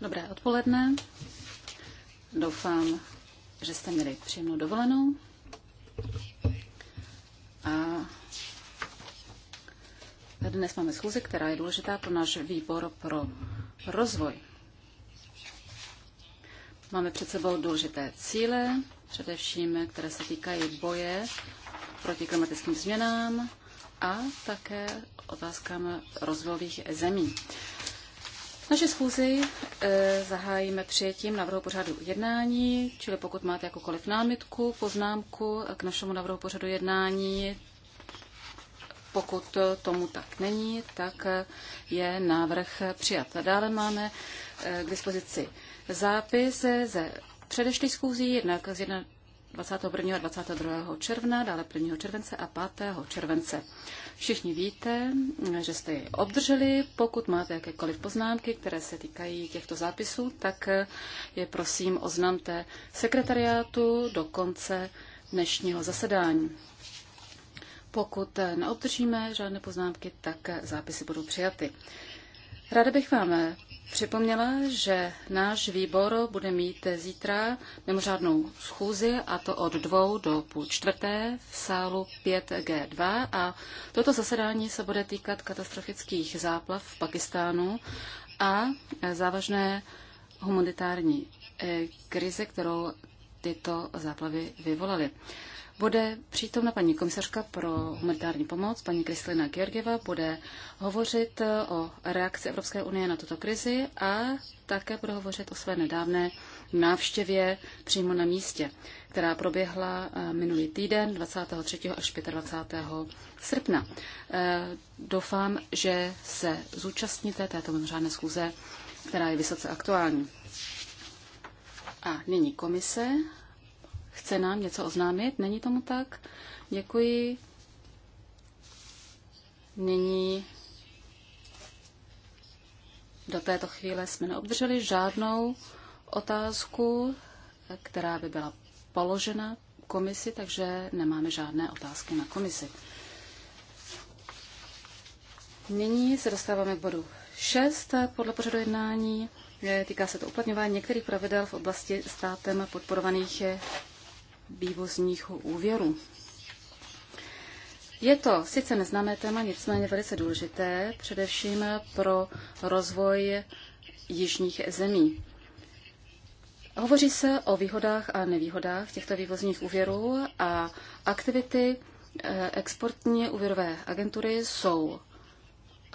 Dobré odpoledne. Doufám, že jste měli příjemnou dovolenou. A dnes máme schůzi, která je důležitá pro náš výbor pro rozvoj. Máme před sebou důležité cíle, především které se týkají boje proti klimatickým změnám a také otázkám rozvojových zemí. Naše schůzi e, zahájíme přijetím návrhu pořadu jednání, čili pokud máte jakoukoliv námitku, poznámku k našemu návrhu pořadu jednání, pokud tomu tak není, tak je návrh přijat. Dále máme eh, k dispozici zápis ze předešlých schůzí, jednak z 21. 21. a 22. června, dále 1. července a 5. července. Všichni víte, že jste ji obdrželi. Pokud máte jakékoliv poznámky, které se týkají těchto zápisů, tak je prosím oznamte sekretariátu do konce dnešního zasedání. Pokud neobdržíme žádné poznámky, tak zápisy budou přijaty. Ráda bych vám připomněla, že náš výbor bude mít zítra mimořádnou schůzi a to od dvou do půl čtvrté v sálu 5G2 a toto zasedání se bude týkat katastrofických záplav v Pakistánu a závažné humanitární eh, krize, kterou tyto záplavy vyvolaly bude přítomna paní komisařka pro humanitární pomoc, paní Kristlina Georgieva, bude hovořit e, o reakci Evropské unie na tuto krizi a také bude hovořit o své nedávné návštěvě přímo na místě, která proběhla e, minulý týden 23. až 25. srpna. E, doufám, že se zúčastníte této mimořádné schůze, která je vysoce aktuální. A nyní komise chce nám něco oznámit? Není tomu tak? Děkuji. Nyní do této chvíle jsme neobdrželi žádnou otázku, která by byla položena komisi, takže nemáme žádné otázky na komisi. Nyní se dostáváme k bodu 6 podle pořadu jednání. Týká se to uplatňování některých pravidel v oblasti státem podporovaných vývozních úvěrů. Je to sice neznámé téma, nicméně velice důležité, především pro rozvoj jižních zemí. Hovoří se o výhodách a nevýhodách těchto vývozních úvěrů a aktivity eh, exportní úvěrové agentury jsou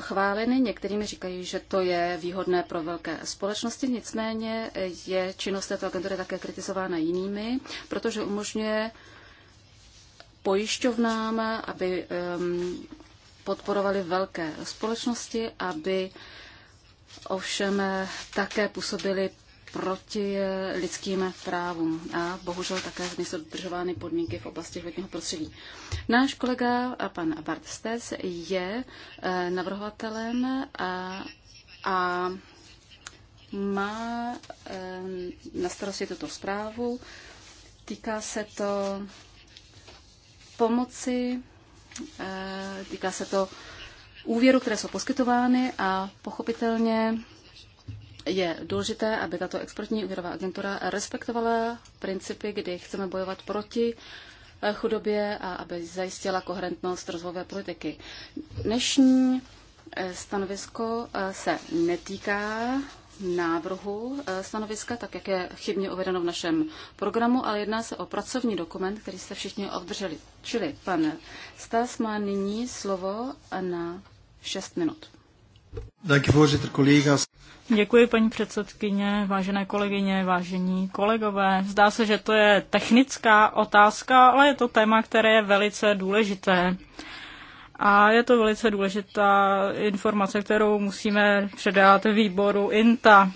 chváleny, některými říkají, že to je výhodné pro velké společnosti, nicméně je činnost této agentury také kritizována jinými, protože umožňuje pojišťovnám, aby um, podporovali velké společnosti, aby ovšem také působili proti lidským právům a bohužel také nejsou dodržovány podmínky v oblasti životního prostředí. Náš kolega, pan Bart Stes, je e, navrhovatelem a, a má e, na starosti tuto zprávu. Týká se to pomoci, e, týká se to úvěru, které jsou poskytovány a pochopitelně je důležité, aby tato exportní úvěrová agentura respektovala principy, kdy chceme bojovat proti eh, chudobě a aby zajistila koherentnost rozvojové politiky. Dnešní eh, stanovisko eh, se netýká návrhu stanoviska, tak jak je chybně uvedeno v našem programu, ale jedná se o pracovní dokument, který jste všichni obdrželi. Čili pan Stas má nyní slovo na 6 minut. Děkuji, paní předsedkyně, vážené kolegyně, vážení kolegové. Zdá se, že to je technická otázka, ale je to téma, které je velice důležité. A je to velice důležitá informace, kterou musíme předat výboru INTA.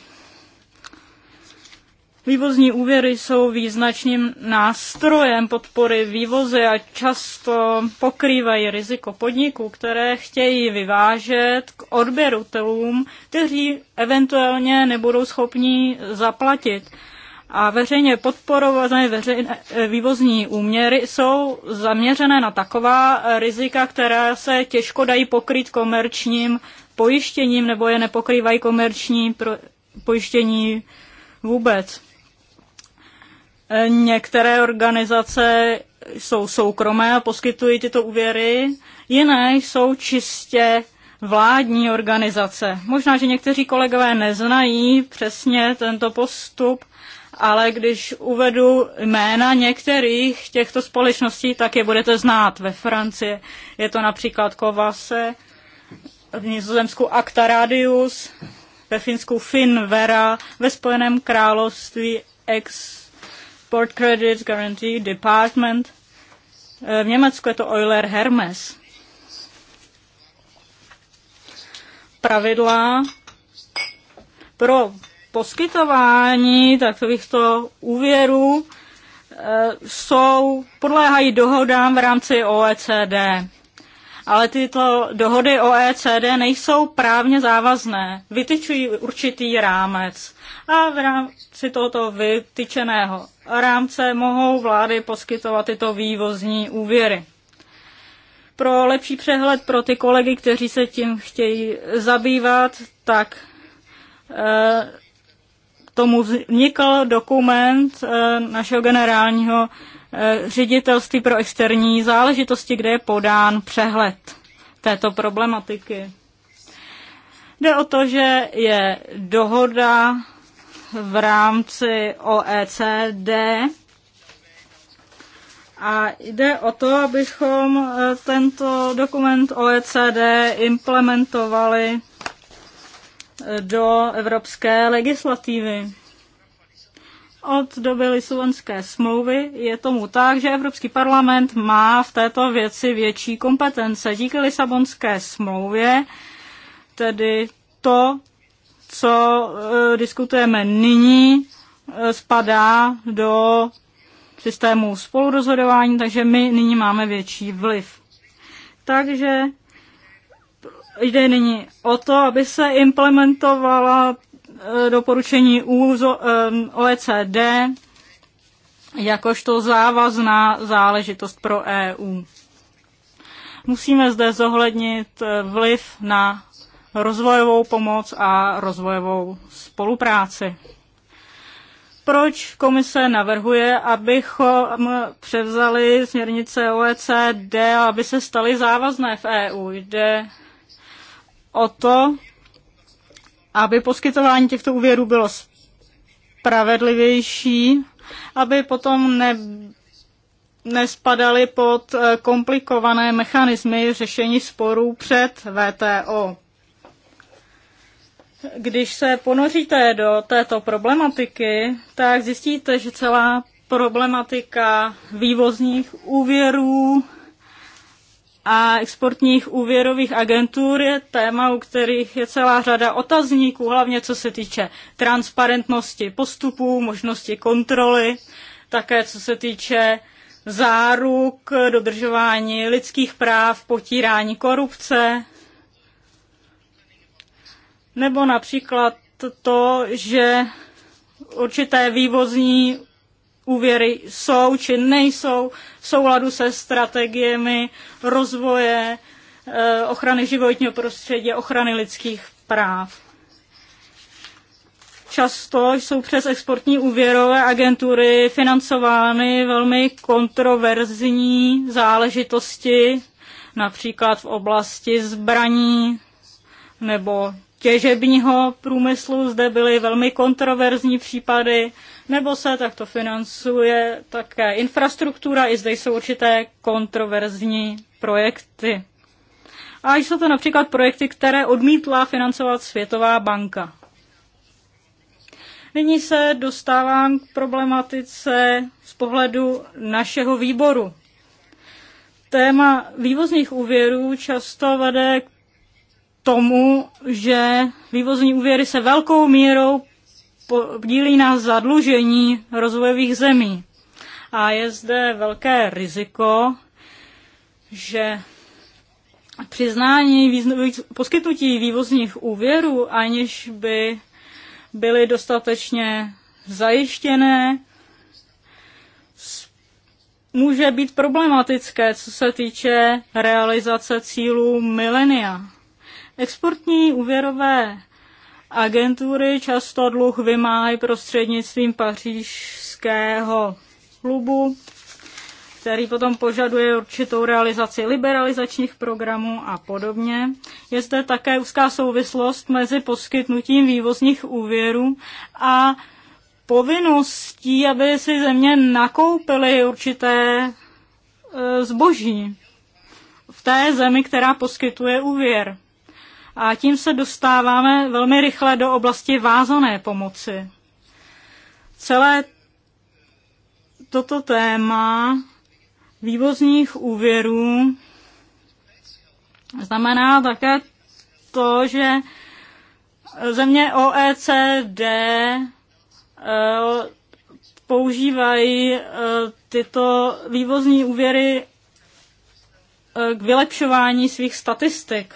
Vývozní úvěry jsou význačným nástrojem podpory vývozy a často pokrývají riziko podniků, které chtějí vyvážet k odběratelům, kteří eventuálně nebudou schopni zaplatit. A veřejně podporované veřejné vývozní úměry jsou zaměřené na taková rizika, která se těžko dají pokryt komerčním pojištěním nebo je nepokrývají komerční pojištění vůbec. Některé organizace jsou soukromé a poskytují tyto úvěry, jiné jsou čistě vládní organizace. Možná, že někteří kolegové neznají přesně tento postup, ale když uvedu jména některých těchto společností, tak je budete znát. Ve Francii je to například Kovase, v Nizozemsku Acta Radius, ve Finsku Finvera, ve Spojeném království Ex Export Credit Guarantee Department. E, v Německu je to Euler Hermes. Pravidla pro poskytování takovýchto úvěrů e, jsou, podléhají dohodám v rámci OECD ale tyto dohody OECD nejsou právně závazné, vytyčují určitý rámec a v rámci tohoto vytyčeného rámce mohou vlády poskytovat tyto vývozní úvěry. Pro lepší přehled pro ty kolegy, kteří se tím chtějí zabývat, tak eh, tomu vznikl dokument eh, našeho generálního Eh, ředitelství pro externí záležitosti, kde je podán přehled této problematiky. Jde o to, že je dohoda v rámci OECD a jde o to, abychom eh, tento dokument OECD implementovali eh, do evropské legislativy. Od doby Lisabonské smlouvy je tomu tak, že Evropský parlament má v této věci větší kompetence. Díky Lisabonské smlouvě tedy to, co e, diskutujeme nyní, e, spadá do systému spolurozhodování, takže my nyní máme větší vliv. Takže jde nyní o to, aby se implementovala Eh, doporučení OECD e jakožto závazná záležitost pro EU. Musíme zde zohlednit eh, vliv na rozvojovou pomoc a rozvojovou spolupráci. Proč komise navrhuje, abychom převzali směrnice OECD, aby se staly závazné v EU? Jde o to, aby poskytování těchto úvěrů bylo spravedlivější, aby potom ne, nespadaly pod eh, komplikované mechanismy řešení sporů před VTO. Když se ponoříte do této problematiky, tak zjistíte, že celá problematika vývozních úvěrů a exportních úvěrových agentur je téma, u kterých je celá řada otazníků, hlavně co se týče transparentnosti postupů, možnosti kontroly, také co se týče záruk, dodržování lidských práv, potírání korupce, nebo například to, že určité vývozní úvěry jsou či nejsou v souladu se strategiemi rozvoje, eh, ochrany životního prostředí, ochrany lidských práv. Často jsou přes exportní úvěrové agentury financovány velmi kontroverzní záležitosti, například v oblasti zbraní nebo těžebního průmyslu. Zde byly velmi kontroverzní případy nebo se takto financuje také infrastruktura, i zde jsou určité kontroverzní projekty. A jsou to například projekty, které odmítla financovat Světová banka. Nyní se dostávám k problematice z pohledu našeho výboru. Téma vývozních úvěrů často vede k tomu, že vývozní úvěry se velkou mírou podílí na zadlužení rozvojových zemí. A je zde velké riziko, že přiznání poskytnutí vývozních úvěrů, aniž by byly dostatečně zajištěné, může být problematické, co se týče realizace cílů milenia. Exportní úvěrové Agentury často dluh vymáhají prostřednictvím pařížského klubu, který potom požaduje určitou realizaci liberalizačních programů a podobně. Je zde také úzká souvislost mezi poskytnutím vývozních úvěrů a povinností, aby si země nakoupily určité e, zboží v té zemi, která poskytuje úvěr. A tím se dostáváme velmi rychle do oblasti vázané pomoci. Celé toto téma vývozních úvěrů znamená také to, že země OECD eh, používají eh, tyto vývozní úvěry eh, k vylepšování svých statistik.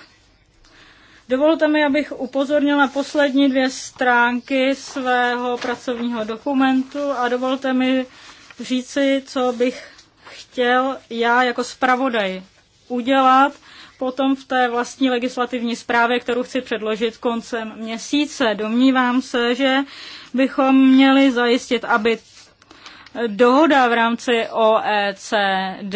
Dovolte mi, abych upozornil na poslední dvě stránky svého pracovního dokumentu a dovolte mi říci, co bych chtěl já jako zpravodaj udělat potom v té vlastní legislativní zprávě, kterou chci předložit koncem měsíce. Domnívám se, že bychom měli zajistit, aby dohoda v rámci OECD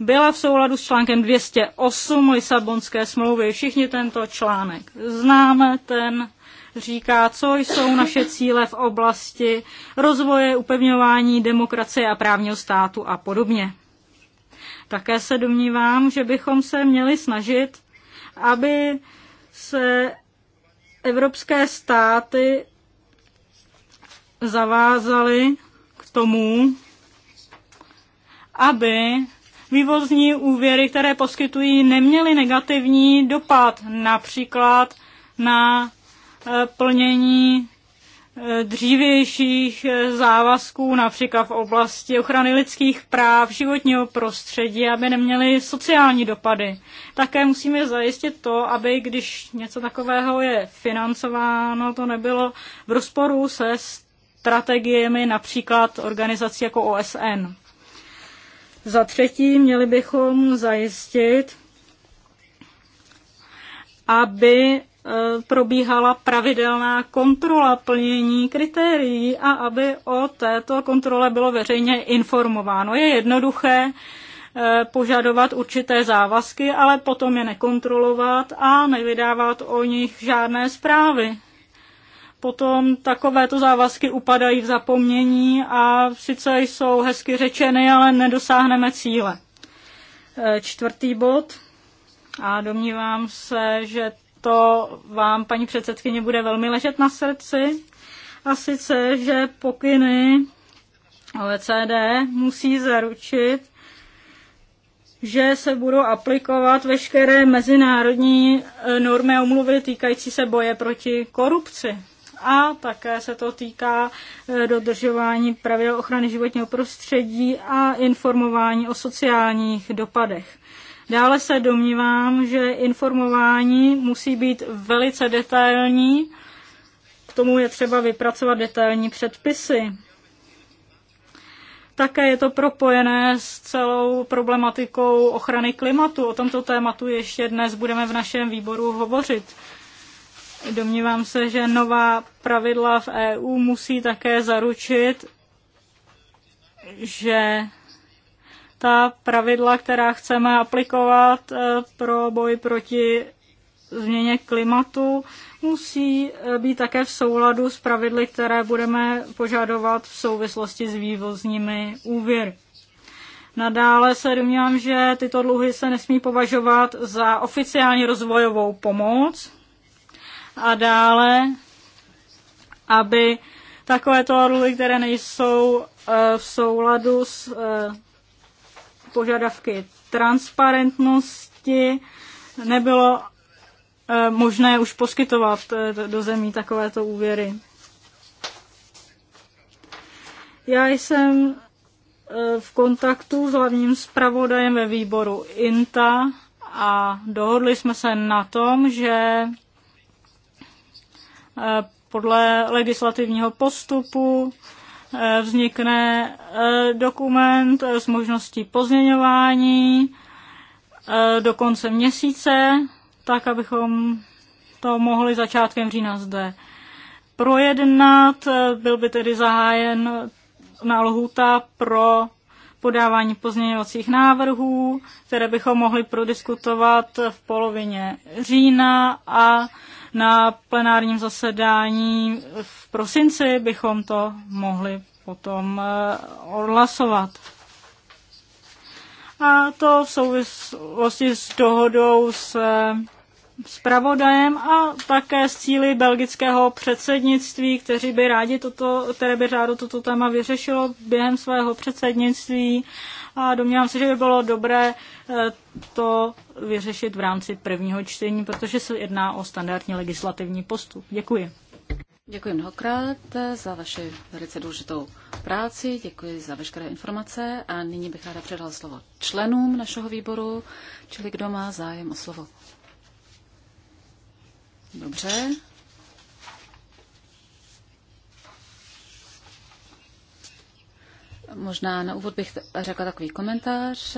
byla v souladu s článkem 208 Lisabonské smlouvy. Všichni tento článek známe, ten říká, co jsou naše cíle v oblasti rozvoje, upevňování demokracie a právního státu a podobně. Také se domnívám, že bychom se měli snažit, aby se evropské státy zavázaly k tomu, aby vývozní úvěry, které poskytují, neměly negativní dopad například na eh, plnění eh, dřívějších eh, závazků, například v oblasti ochrany lidských práv, životního prostředí, aby neměly sociální dopady. Také musíme zajistit to, aby když něco takového je financováno, to nebylo v rozporu se strategiemi například organizací jako OSN. Za třetí, měli bychom zajistit, aby e, probíhala pravidelná kontrola plnění kritérií a aby o této kontrole bylo veřejně informováno. Je jednoduché e, požadovat určité závazky, ale potom je nekontrolovat a nevydávat o nich žádné zprávy potom takovéto závazky upadají v zapomnění a sice jsou hezky řečeny, ale nedosáhneme cíle. E, čtvrtý bod a domnívám se, že to vám, paní předsedkyně, bude velmi ležet na srdci. A sice, že pokyny OECD musí zaručit, že se budou aplikovat veškeré mezinárodní e, normy a umluvy týkající se boje proti korupci a také se to týká eh, dodržování pravidel ochrany životního prostředí a informování o sociálních dopadech. Dále se domnívám, že informování musí být velice detailní, k tomu je třeba vypracovat detailní předpisy. Také je to propojené s celou problematikou ochrany klimatu. O tomto tématu ještě dnes budeme v našem výboru hovořit. Domnívám se, že nová pravidla v EU musí také zaručit, že ta pravidla, která chceme aplikovat eh, pro boj proti změně klimatu, musí eh, být také v souladu s pravidly, které budeme požadovat v souvislosti s vývozními úvěry. Nadále se domnívám, že tyto dluhy se nesmí považovat za oficiální rozvojovou pomoc, a dále, aby takovéto orly, které nejsou e, v souladu s e, požadavky transparentnosti, nebylo e, možné už poskytovat do zemí takovéto úvěry. Já jsem v kontaktu s hlavním zpravodajem ve výboru INTA a dohodli jsme se na tom, že Eh, podle legislativního postupu eh, vznikne eh, dokument s možností pozměňování do konce měsíce, tak abychom to mohli začátkem října zde projednat. Byl by tedy zahájen na nálohuta pro podávání pozměňovacích návrhů, které bychom mohli prodiskutovat v polovině října a na plenárním zasedání v prosinci bychom to mohli potom eh, odhlasovat. A to v souvislosti s dohodou s eh, zpravodajem a také s cíly belgického předsednictví, kteří by rádi toto, které by rádo toto téma vyřešilo během svého předsednictví a domnívám se, že by bylo dobré eh, to vyřešit v rámci prvního čtení, protože se jedná o standardní legislativní postup. Děkuji. Děkuji mnohokrát eh, za vaši velice důležitou práci, děkuji za veškeré informace a nyní bych ráda předala slovo členům našeho výboru, čili kdo má zájem o slovo. Dobře. Možná na úvod bych řekla takový komentář.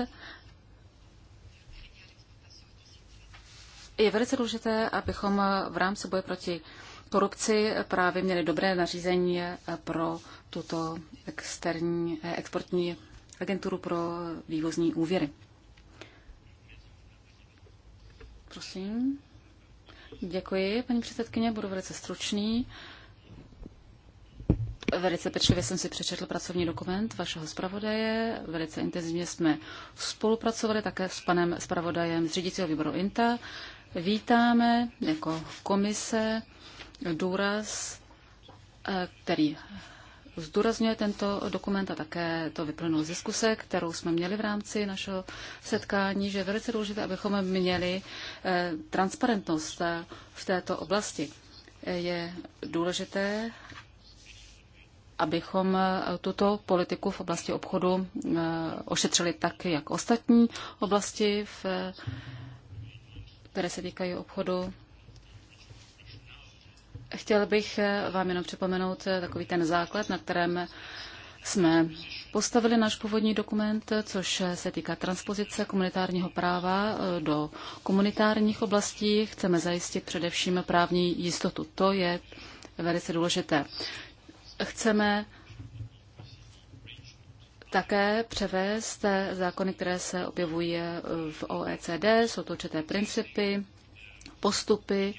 Je velice důležité, abychom v rámci boje proti korupci právě měli dobré nařízení pro tuto externí eh, exportní agenturu pro vývozní úvěry. Prosím. Děkuji, paní předsedkyně, budu velice stručný. Velice pečlivě jsem si přečetl pracovní dokument vašeho zpravodaje. Velice intenzivně jsme spolupracovali také s panem zpravodajem z řídícího výboru INTA. Vítáme jako komise důraz, eh, který zdůrazňuje tento dokument a také to vyplynulo z diskuse, kterou jsme měli v rámci našeho setkání, že je velice důležité, abychom měli eh, transparentnost eh, v této oblasti. Eh, je důležité, abychom tuto politiku v oblasti obchodu ošetřili tak, jak ostatní oblasti, v, které se týkají obchodu. Chtěl bych eh, vám jenom připomenout eh, takový ten základ, na kterém jsme postavili náš původní dokument, eh, což se týká transpozice komunitárního práva do komunitárních oblastí. Chceme zajistit především právní jistotu. To je velice důležité. Chceme také převést zákony, které se objevují v OECD. Jsou to určité principy, postupy,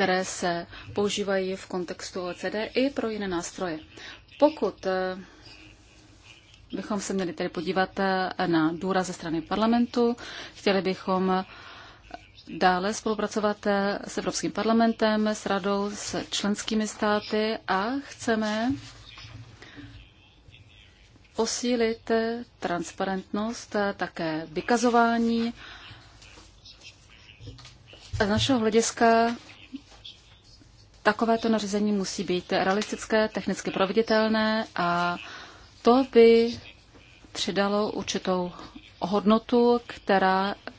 které se používají v kontextu OECD i pro jiné nástroje. Pokud eh, bychom se měli tedy podívat eh, na důraz ze strany parlamentu, chtěli bychom eh, dále spolupracovat s Evropským parlamentem, s radou, s členskými státy a chceme posílit transparentnost, také vykazování. Z našeho hlediska takovéto nařízení musí být realistické, technicky proveditelné a to by přidalo určitou hodnotu, která eh,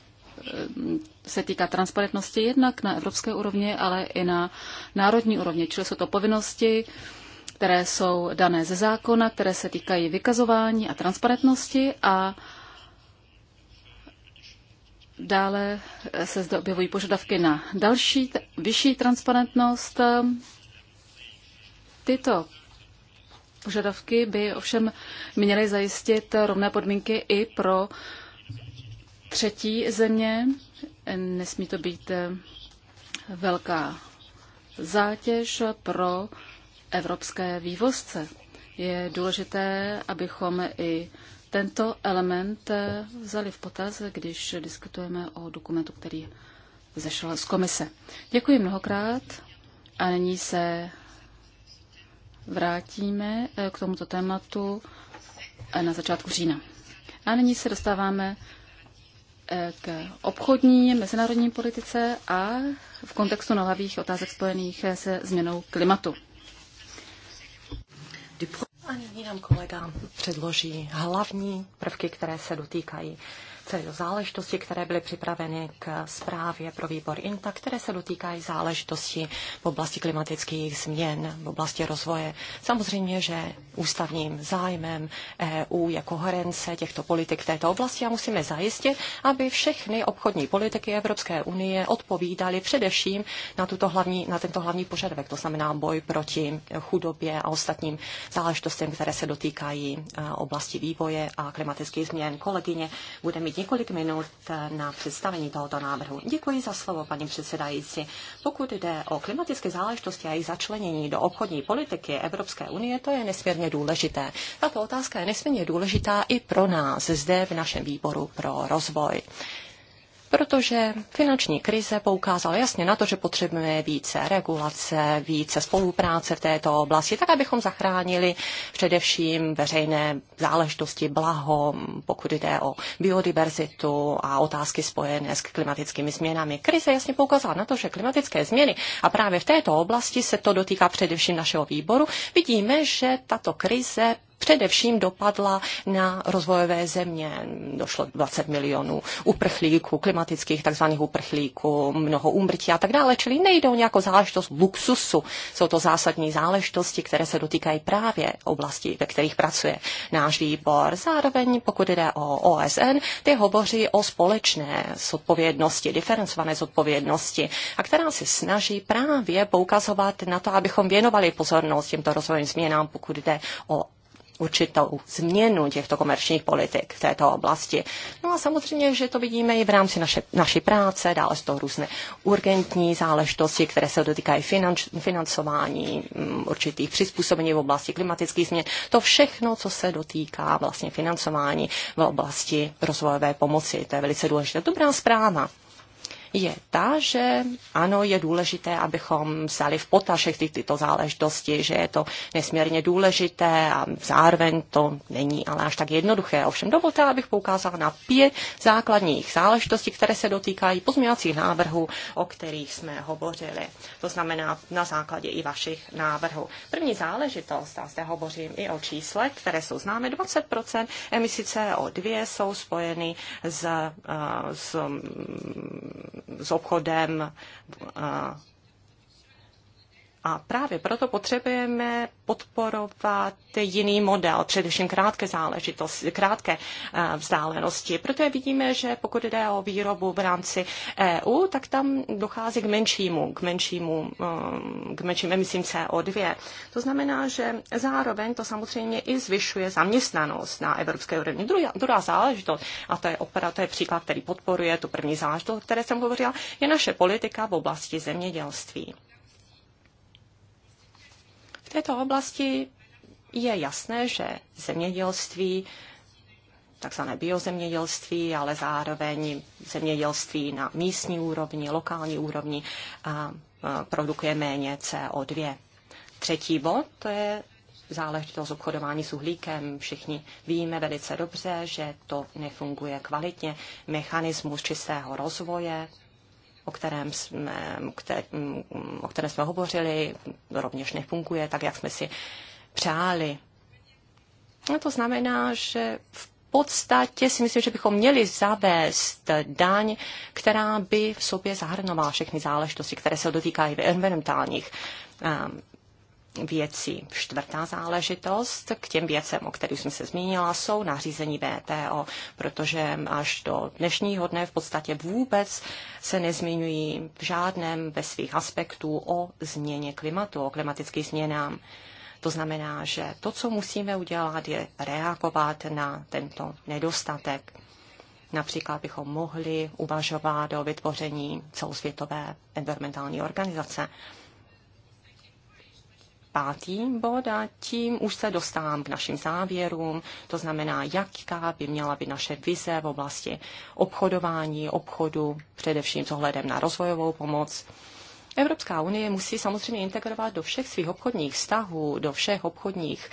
se týká transparentnosti jednak na evropské úrovni, ale i na národní úrovni. Čili jsou to povinnosti, které jsou dané ze zákona, které se týkají vykazování a transparentnosti a Dále eh, se zde objevují požadavky na další, vyšší transparentnost. Tyto požadavky by ovšem měly zajistit rovné podmínky i pro třetí země. Nesmí to být eh, velká zátěž pro evropské vývozce. Je důležité, abychom i tento element eh, vzali v potaz, když diskutujeme o dokumentu, který zešel z komise. Děkuji mnohokrát a nyní se vrátíme eh, k tomuto tématu eh, na začátku října. A nyní se dostáváme k obchodní mezinárodní politice a v kontextu nalavých otázek spojených se změnou klimatu. Ani. Nyní nám kolega předloží hlavní prvky, které se dotýkají celé záležitosti, které byly připraveny k zprávě pro výbor INTA, které se dotýkají záležitosti v oblasti klimatických změn, v oblasti rozvoje. Samozřejmě, že ústavním zájmem EU je koherence těchto politik v této oblasti a musíme zajistit, aby všechny obchodní politiky Evropské unie odpovídaly především na, tuto hlavní, na tento hlavní požadavek, to znamená boj proti chudobě a ostatním záležitostem, které se dotýkají eh, oblasti vývoje a klimatických změn. Kolegyně bude mít několik minut eh, na představení tohoto návrhu. Děkuji za slovo, paní předsedající. Pokud jde o klimatické záležitosti a jejich začlenění do obchodní politiky Evropské unie, to je nesmírně důležité. Tato otázka je nesmírně důležitá i pro nás zde v našem výboru pro rozvoj protože finanční krize poukázala jasně na to, že potřebujeme více regulace, více spolupráce v této oblasti, tak abychom zachránili především veřejné záležitosti, blaho, pokud jde o biodiverzitu a otázky spojené s klimatickými změnami. Krize jasně poukázala na to, že klimatické změny a právě v této oblasti se to dotýká především našeho výboru. Vidíme, že tato krize především dopadla na rozvojové země. Došlo 20 milionů uprchlíků, klimatických takzvaných uprchlíků, mnoho úmrtí a tak dále. Čili nejde o nějakou záležitost luxusu. Jsou to zásadní záležitosti, které se dotýkají právě oblasti, ve kterých pracuje náš výbor. Zároveň, pokud jde o OSN, ty hovoří o společné zodpovědnosti, diferencované zodpovědnosti, a která se snaží právě poukazovat na to, abychom věnovali pozornost těmto rozvojovým změnám, pokud jde o určitou změnu těchto komerčních politik v této oblasti. No a samozřejmě, že to vidíme i v rámci naše, naší práce, dále z to různé urgentní záležitosti, které se dotýkají finanč, financování, mm, určitých přizpůsobení v oblasti klimatických změn. To všechno, co se dotýká vlastně financování v oblasti rozvojové pomoci. To je velice důležité. Dobrá zpráva je ta, že ano, je důležité, abychom vzali v potaz všechny ty, tyto záležitosti, že je to nesmírně důležité a zároveň to není ale až tak jednoduché. Ovšem dovolte, abych poukázala na pět základních záležitostí, které se dotýkají pozměňovacích návrhů, o kterých jsme hovořili. To znamená na základě i vašich návrhů. První záležitost, a zde hovořím i o čísle, které jsou známe, 20% emisí CO2 jsou spojeny s, eh, s s obchodem, a právě proto potřebujeme podporovat jiný model, především krátké záležitosti, krátké eh, vzdálenosti. Proto vidíme, že pokud jde o výrobu v rámci EU, tak tam dochází k menšímu, k menšímu, eh, k menším emisím CO2. To znamená, že zároveň to samozřejmě i zvyšuje zaměstnanost na evropské úrovni. Druhá, druhá záležitost, a to je opera, to je příklad, který podporuje tu první záležitost, o které jsem hovořila, je naše politika v oblasti zemědělství této oblasti je jasné, že zemědělství, takzvané biozemědělství, ale zároveň zemědělství na místní úrovni, lokální úrovni a produkuje méně CO2. Třetí bod, to je záležitost obchodování s uhlíkem. Všichni víme velice dobře, že to nefunguje kvalitně. Mechanismus čistého rozvoje o kterém jsme, o kterém jsme hovořili, rovněž nefunguje tak, jak jsme si přáli. A to znamená, že v podstatě si myslím, že bychom měli zavést daň, která by v sobě zahrnovala všechny záležitosti, které se dotýkají environmentálních ehm, věcí. Čtvrtá záležitost k těm věcem, o kterých jsem se zmínila, jsou nařízení VTO, protože až do dnešního dne v podstatě vůbec se nezmiňují v žádném ve svých aspektů o změně klimatu, o klimatických změnám. To znamená, že to, co musíme udělat, je reagovat na tento nedostatek. Například bychom mohli uvažovat o vytvoření celosvětové environmentální organizace, pátý bod a tím už se dostávám k našim závěrům, to znamená, jaká by měla být naše vize v oblasti obchodování, obchodu, především s ohledem na rozvojovou pomoc. Evropská unie musí samozřejmě integrovat do všech svých obchodních vztahů, do všech obchodních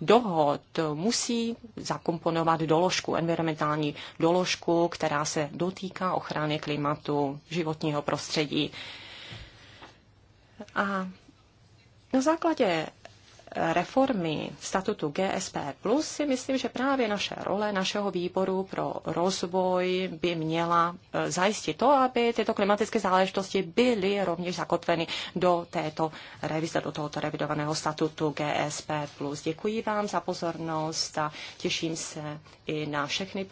dohod musí zakomponovat doložku, environmentální doložku, která se dotýká ochrany klimatu, životního prostředí. A na základě eh, reformy statutu GSP Plus si myslím, že právě naše role našeho výboru pro rozvoj by měla eh, zajistit to, aby tyto klimatické záležitosti byly rovněž zakotveny do této revize, do tohoto revidovaného statutu GSP Plus. Děkuji vám za pozornost a těším se i na všechny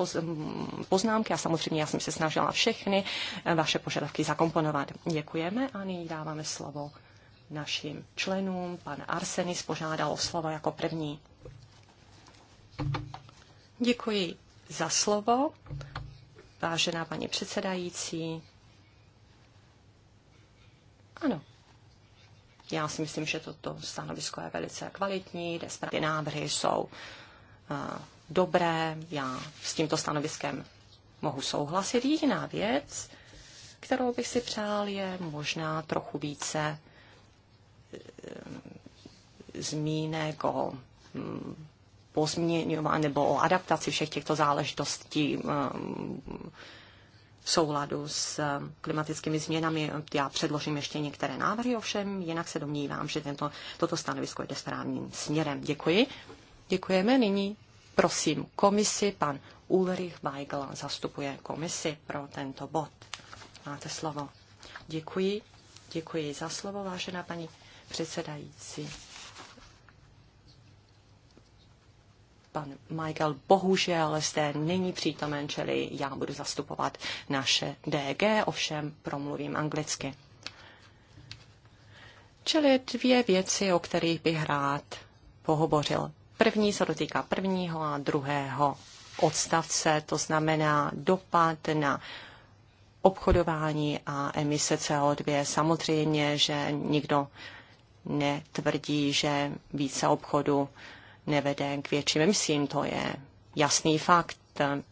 poznámky a samozřejmě já jsem se snažila všechny eh, vaše požadavky zakomponovat. Děkujeme a nyní dáváme slovo našim členům. Pan Arsenis požádal o slovo jako první. Děkuji za slovo, vážená paní předsedající. Ano, já si myslím, že toto stanovisko je velice kvalitní, kde správně návrhy jsou dobré, já s tímto stanoviskem mohu souhlasit. Jediná věc, kterou bych si přál, je možná trochu více Eh, zmínek o mm, pozměňování nebo o adaptaci všech těchto záležitostí eh, v souladu s eh, klimatickými změnami. Já předložím ještě některé návrhy, ovšem jinak se domnívám, že tento, toto stanovisko jde správným směrem. Děkuji. Děkujeme. Nyní prosím komisi. Pan Ulrich Weigl zastupuje komisi pro tento bod. Máte slovo. Děkuji. Děkuji za slovo, vážená paní předsedající. Pan Michael bohužel zde není přítomen, čili já budu zastupovat naše DG, ovšem promluvím anglicky. Čili dvě věci, o kterých bych rád pohovořil. První se dotýká prvního a druhého odstavce, to znamená dopad na obchodování a emise CO2. Samozřejmě, že nikdo netvrdí, že více obchodu nevede k větším emisím. To je jasný fakt.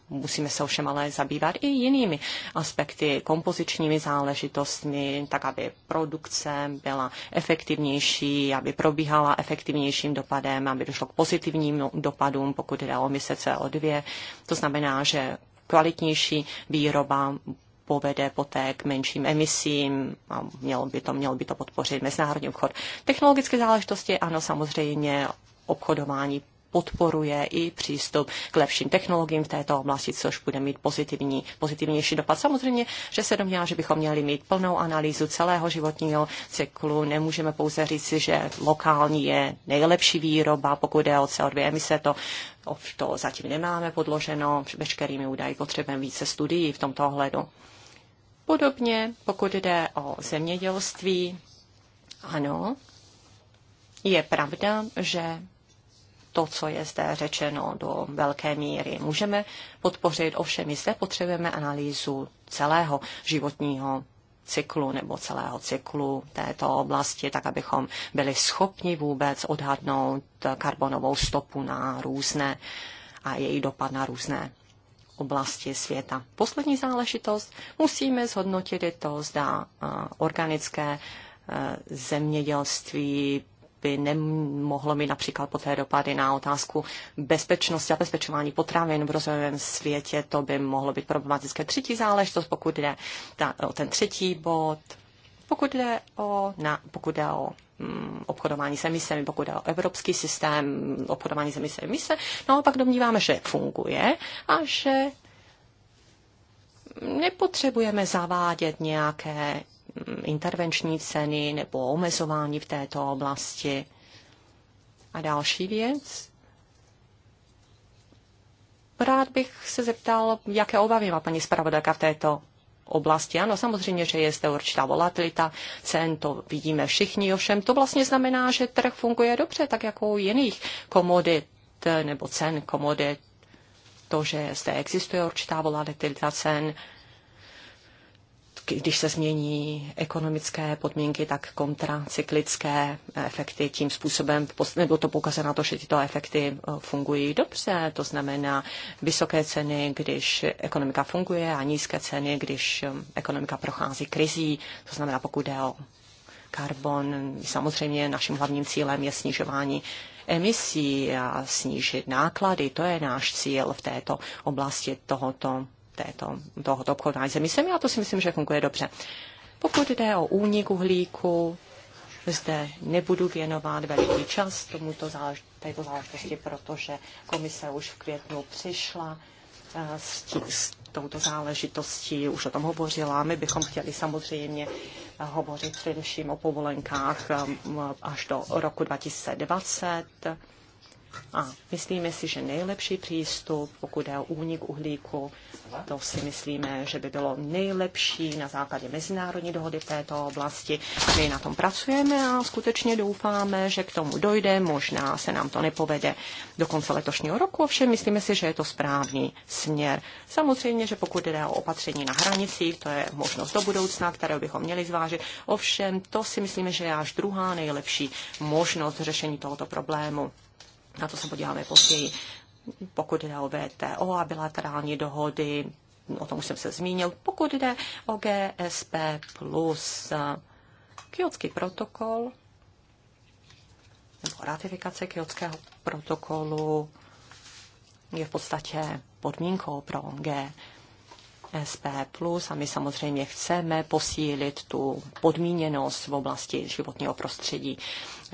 Musíme se ovšem ale zabývat i jinými aspekty, kompozičními záležitostmi, tak aby produkce byla efektivnější, aby probíhala efektivnějším dopadem, aby došlo k pozitivním dopadům, pokud jde o emise CO2. To znamená, že kvalitnější výroba povede poté k menším emisím a mělo by to, mělo by to podpořit mezinárodní obchod. Technologické záležitosti, ano, samozřejmě obchodování podporuje i přístup k lepším technologiím v této oblasti, což bude mít pozitivní, pozitivnější dopad. Samozřejmě, že se domnívá, že bychom měli mít plnou analýzu celého životního cyklu. Nemůžeme pouze říct, že lokální je nejlepší výroba, pokud je o CO2 emise, to to zatím nemáme podloženo, veškerými údaji potřebujeme více studií v tomto ohledu. Podobně, pokud jde o zemědělství, ano, je pravda, že to, co je zde řečeno do velké míry. Můžeme podpořit, ovšem i zde potřebujeme analýzu celého životního cyklu nebo celého cyklu této oblasti, tak abychom byli schopni vůbec odhadnout karbonovou stopu na různé a její dopad na různé oblasti světa. Poslední záležitost, musíme zhodnotit i to, zda organické e, zemědělství by nemohlo mít například poté dopady na otázku bezpečnosti a bezpečování potravin v rozvojovém světě. To by mohlo být problematické. Třetí záležitost, pokud jde ta, o ten třetí bod, pokud jde o, na, pokud jde o Mm, obchodování s emisemi, pokud je o evropský systém obchodování s emisemi, my se naopak domníváme, že funguje a že nepotřebujeme zavádět nějaké mm, intervenční ceny nebo omezování v této oblasti. A další věc. Rád bych se zeptal, jaké obavy má paní zpravodajka v této oblasti. Ano, samozřejmě, že je zde určitá volatilita cen, to vidíme všichni, ovšem to vlastně znamená, že trh funguje dobře, tak jako u jiných komodit eh, nebo cen komodit. To, že zde existuje určitá volatilita cen, když se změní ekonomické podmínky, tak kontracyklické efekty tím způsobem, nebo to poukazuje na to, že tyto efekty eh, fungují dobře, to znamená vysoké ceny, když ekonomika funguje a nízké ceny, když eh, ekonomika prochází krizí, to znamená pokud jde o karbon, samozřejmě naším hlavním cílem je snižování emisí a snížit náklady, to je náš cíl v této oblasti tohoto této, tohoto obchodování s emisemi a to si myslím, že funguje dobře. Pokud jde o únik uhlíku, zde nebudu věnovat veliký čas tomuto záž- této záležitosti, protože komise už v květnu přišla eh, s, tí, s touto záležitostí, už o tom hovořila. My bychom chtěli samozřejmě hovořit především o povolenkách eh, až do roku 2020 a myslíme si, že nejlepší přístup, pokud je o únik uhlíku, to si myslíme, že by bylo nejlepší na základě mezinárodní dohody v této oblasti. My na tom pracujeme a skutečně doufáme, že k tomu dojde. Možná se nám to nepovede do konce letošního roku, ovšem myslíme si, že je to správný směr. Samozřejmě, že pokud jde o opatření na hranicích, to je možnost do budoucna, kterou bychom měli zvážit. Ovšem, to si myslíme, že je až druhá nejlepší možnost řešení tohoto problému na to se podíváme později, pokud jde o VTO a bilaterální dohody, o tom už jsem se zmínil, pokud jde o GSP plus kiotský protokol, nebo ratifikace kiotského protokolu je v podstatě podmínkou pro GSP+, plus a my samozřejmě chceme posílit tu podmíněnost v oblasti životního prostředí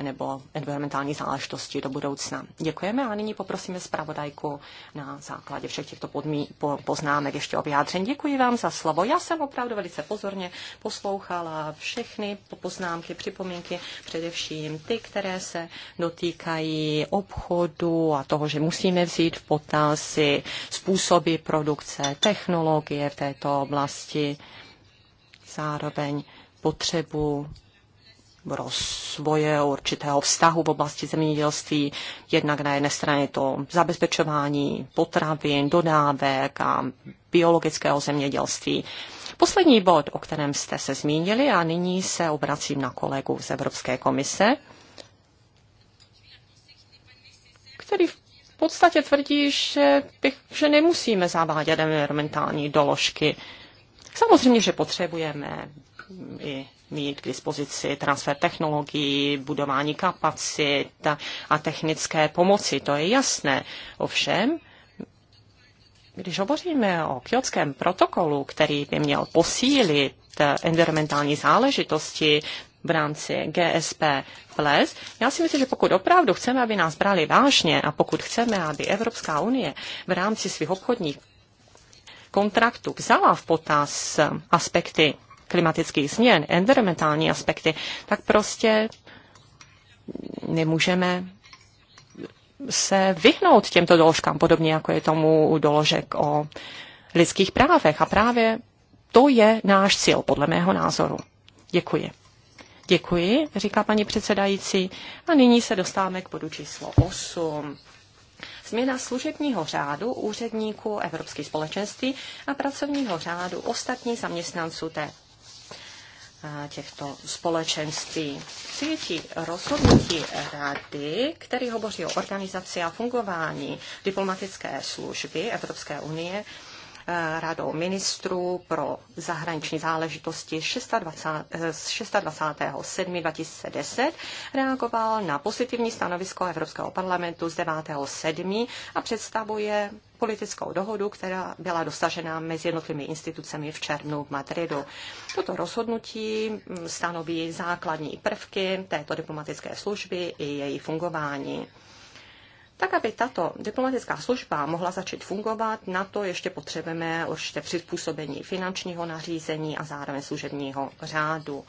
nebo environmentální záležitosti do budoucna. Děkujeme a nyní poprosíme zpravodajku na základě všech těchto podmí- po- poznámek ještě o vyjádření. Děkuji vám za slovo. Já jsem opravdu velice pozorně poslouchala všechny poznámky, připomínky, především ty, které se dotýkají obchodu a toho, že musíme vzít v potaz způsoby produkce, technologie v této oblasti zároveň potřebu rozvoje určitého vztahu v oblasti zemědělství. Jednak na jedné straně to zabezpečování potravin, dodávek a biologického zemědělství. Poslední bod, o kterém jste se zmínili, a nyní se obracím na kolegu z Evropské komise, který v podstatě tvrdí, že, bych, že nemusíme zavádět environmentální doložky. Samozřejmě, že potřebujeme i mít k dispozici transfer technologií, budování kapacit a technické pomoci, to je jasné. Ovšem, když hovoříme o kjotském protokolu, který by měl posílit environmentální záležitosti v rámci GSP ples. Já si myslím, že pokud opravdu chceme, aby nás brali vážně a pokud chceme, aby Evropská unie v rámci svých obchodních kontraktů vzala v potaz aspekty klimatických změn, environmentální aspekty, tak prostě nemůžeme se vyhnout těmto doložkám, podobně jako je tomu doložek o lidských právech. A právě to je náš cíl, podle mého názoru. Děkuji. Děkuji, říká paní předsedající. A nyní se dostáváme k bodu číslo 8. Změna služebního řádu úředníků Evropské společenství a pracovního řádu ostatních zaměstnanců té těchto společenství. Přijetí rozhodnutí rady, který hovoří o organizaci a fungování diplomatické služby Evropské unie, radou ministrů pro zahraniční záležitosti 26.7.2010 e, reagoval na pozitivní stanovisko Evropského parlamentu z 9.7. a představuje politickou dohodu, která byla dosažena mezi jednotlivými institucemi v červnu v Madridu. Toto rozhodnutí mm, stanoví základní prvky této diplomatické služby i její fungování. Tak, aby tato diplomatická služba mohla začít fungovat, na to ještě potřebujeme určité přizpůsobení finančního nařízení a zároveň služebního řádu.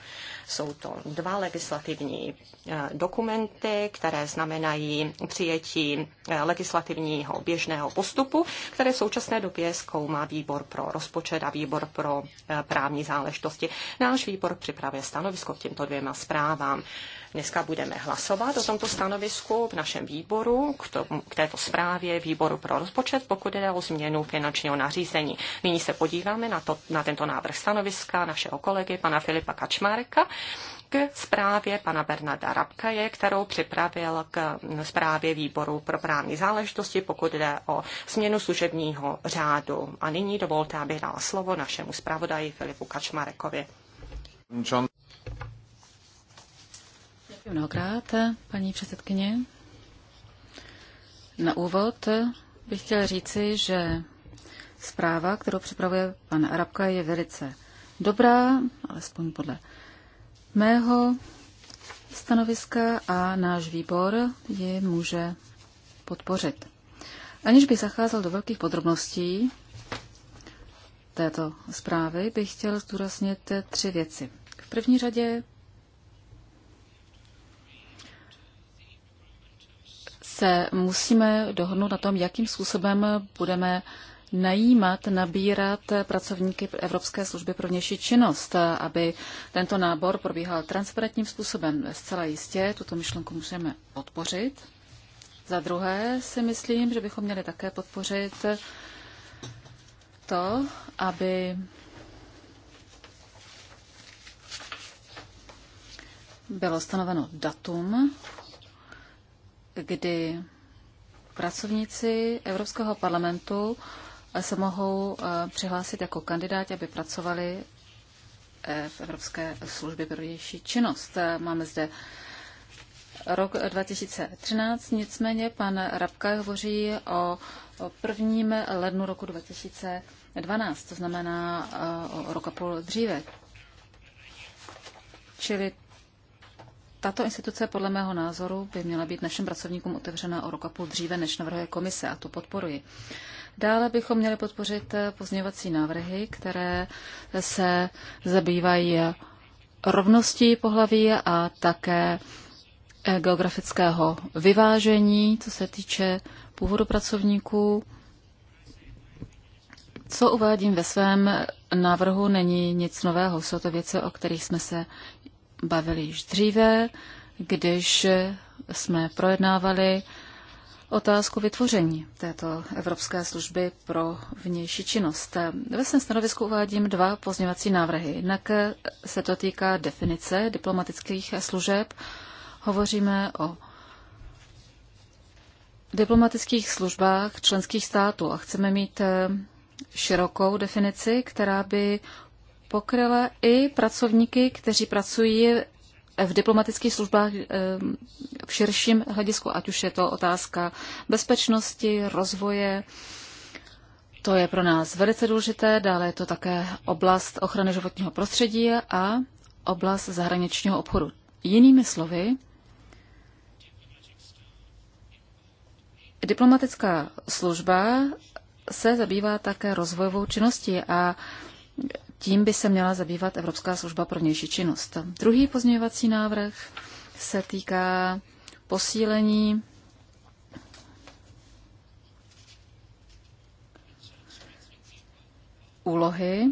Jsou to dva legislativní eh, dokumenty, které znamenají přijetí eh, legislativního běžného postupu, které v současné době zkoumá výbor pro rozpočet a výbor pro eh, právní záležitosti. Náš výbor připravuje stanovisko k těmto dvěma zprávám. Dneska budeme hlasovat o tomto stanovisku v našem výboru k, tomu, k této zprávě výboru pro rozpočet, pokud jde o změnu finančního nařízení. Nyní se podíváme na, to, na tento návrh stanoviska našeho kolegy pana Filipa Kačmárka k zprávě pana Bernarda Rabkaje, kterou připravil k zprávě výboru pro právní záležitosti, pokud jde o změnu služebního řádu. A nyní dovolte, aby dala slovo našemu zpravodaji Filipu Kačmarekovi. John. Děkuji mnohokrát, paní předsedkyně. Na úvod bych chtěl říci, že zpráva, kterou připravuje pan Arabka, je velice dobrá, alespoň podle mého stanoviska a náš výbor ji může podpořit. Aniž bych zacházel do velkých podrobností této zprávy, bych chtěl zdůraznit tři věci. V první řadě se musíme dohodnout na tom, jakým způsobem budeme najímat, nabírat pracovníky Evropské služby pro vnější činnost, aby tento nábor probíhal transparentním způsobem. Zcela jistě tuto myšlenku můžeme podpořit. Za druhé si myslím, že bychom měli také podpořit to, aby bylo stanoveno datum kdy pracovníci Evropského parlamentu se mohou eh, přihlásit jako kandidáti, aby pracovali eh, v Evropské službě pro vnější činnost. Eh, máme zde rok 2013, nicméně pan Rabka hovoří o, o prvním lednu roku 2012, to znamená o rok a půl dříve. Čili tato instituce podle mého názoru by měla být našim pracovníkům otevřena o rok a půl dříve, než navrhuje komise a to podporuji. Dále bychom měli podpořit eh, pozměňovací návrhy, které se zabývají rovností pohlaví a také eh, geografického vyvážení, co se týče původu pracovníků. Co uvádím ve svém eh, návrhu, není nic nového. Jsou to věci, o kterých jsme se bavili již dříve, když jsme projednávali otázku vytvoření této Evropské služby pro vnější činnost. Ve svém stanovisku uvádím dva pozměvací návrhy. Jednak se to týká definice diplomatických služeb. Hovoříme o diplomatických službách členských států a chceme mít širokou definici, která by pokryla i pracovníky, kteří pracují v diplomatických službách eh, v širším hledisku, ať už je to otázka bezpečnosti, rozvoje. To je pro nás velice důležité. Dále je to také oblast ochrany životního prostředí a oblast zahraničního obchodu. Jinými slovy, diplomatická služba se zabývá také rozvojovou činností a tím by se měla zabývat Evropská služba pro vnější činnost. Druhý pozměňovací návrh se týká posílení úlohy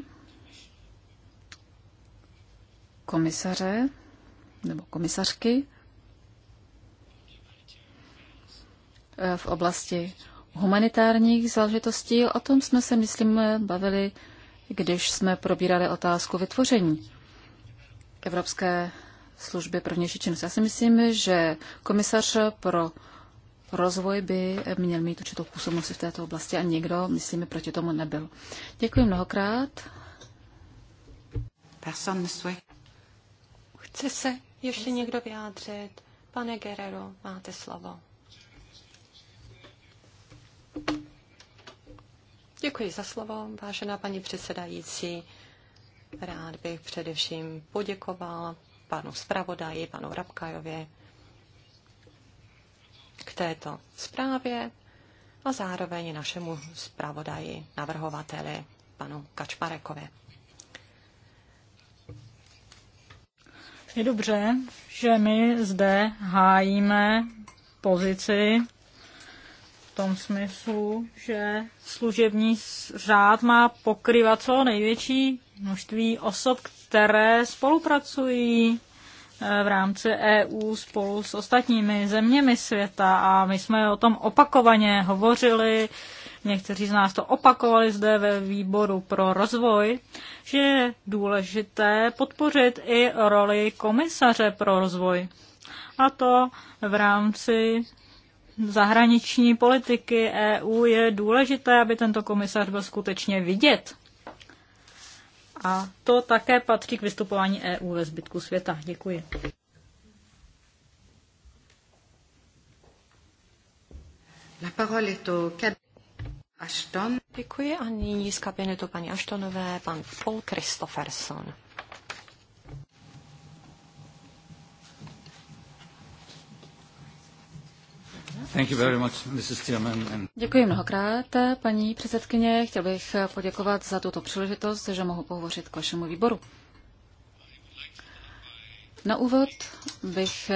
komisaře nebo komisařky v oblasti humanitárních záležitostí. O tom jsme se, myslím, bavili když jsme probírali otázku vytvoření Evropské služby pro vnější činnost. Já si myslím, že komisař pro rozvoj by měl mít určitou působnost v této oblasti a nikdo, myslím, proti tomu nebyl. Děkuji mnohokrát. Chce se ještě někdo vyjádřit? Pane Guerrero, máte slovo. Děkuji za slovo, vážená paní předsedající. Rád bych především poděkoval panu zpravodaji, panu Rabkajově k této zprávě a zároveň našemu zpravodaji, navrhovateli, panu Kačmarekovi. Je dobře, že my zde hájíme pozici v tom smyslu, že služební řád má pokryvat co největší množství osob, které spolupracují eh, v rámci EU spolu s ostatními zeměmi světa a my jsme o tom opakovaně hovořili, někteří z nás to opakovali zde ve výboru pro rozvoj, že je důležité podpořit i roli komisaře pro rozvoj. A to v rámci zahraniční politiky EU je důležité, aby tento komisař byl skutečně vidět. A to také patří k vystupování EU ve zbytku světa. Děkuji. La parole est au Ashton. Děkuji a nyní z kabinetu paní Ashtonové pan Paul Christopherson. Děkuji mnohokrát, paní předsedkyně. Chtěl bych poděkovat za tuto příležitost, že mohu pohovořit k vašemu výboru. Na úvod bych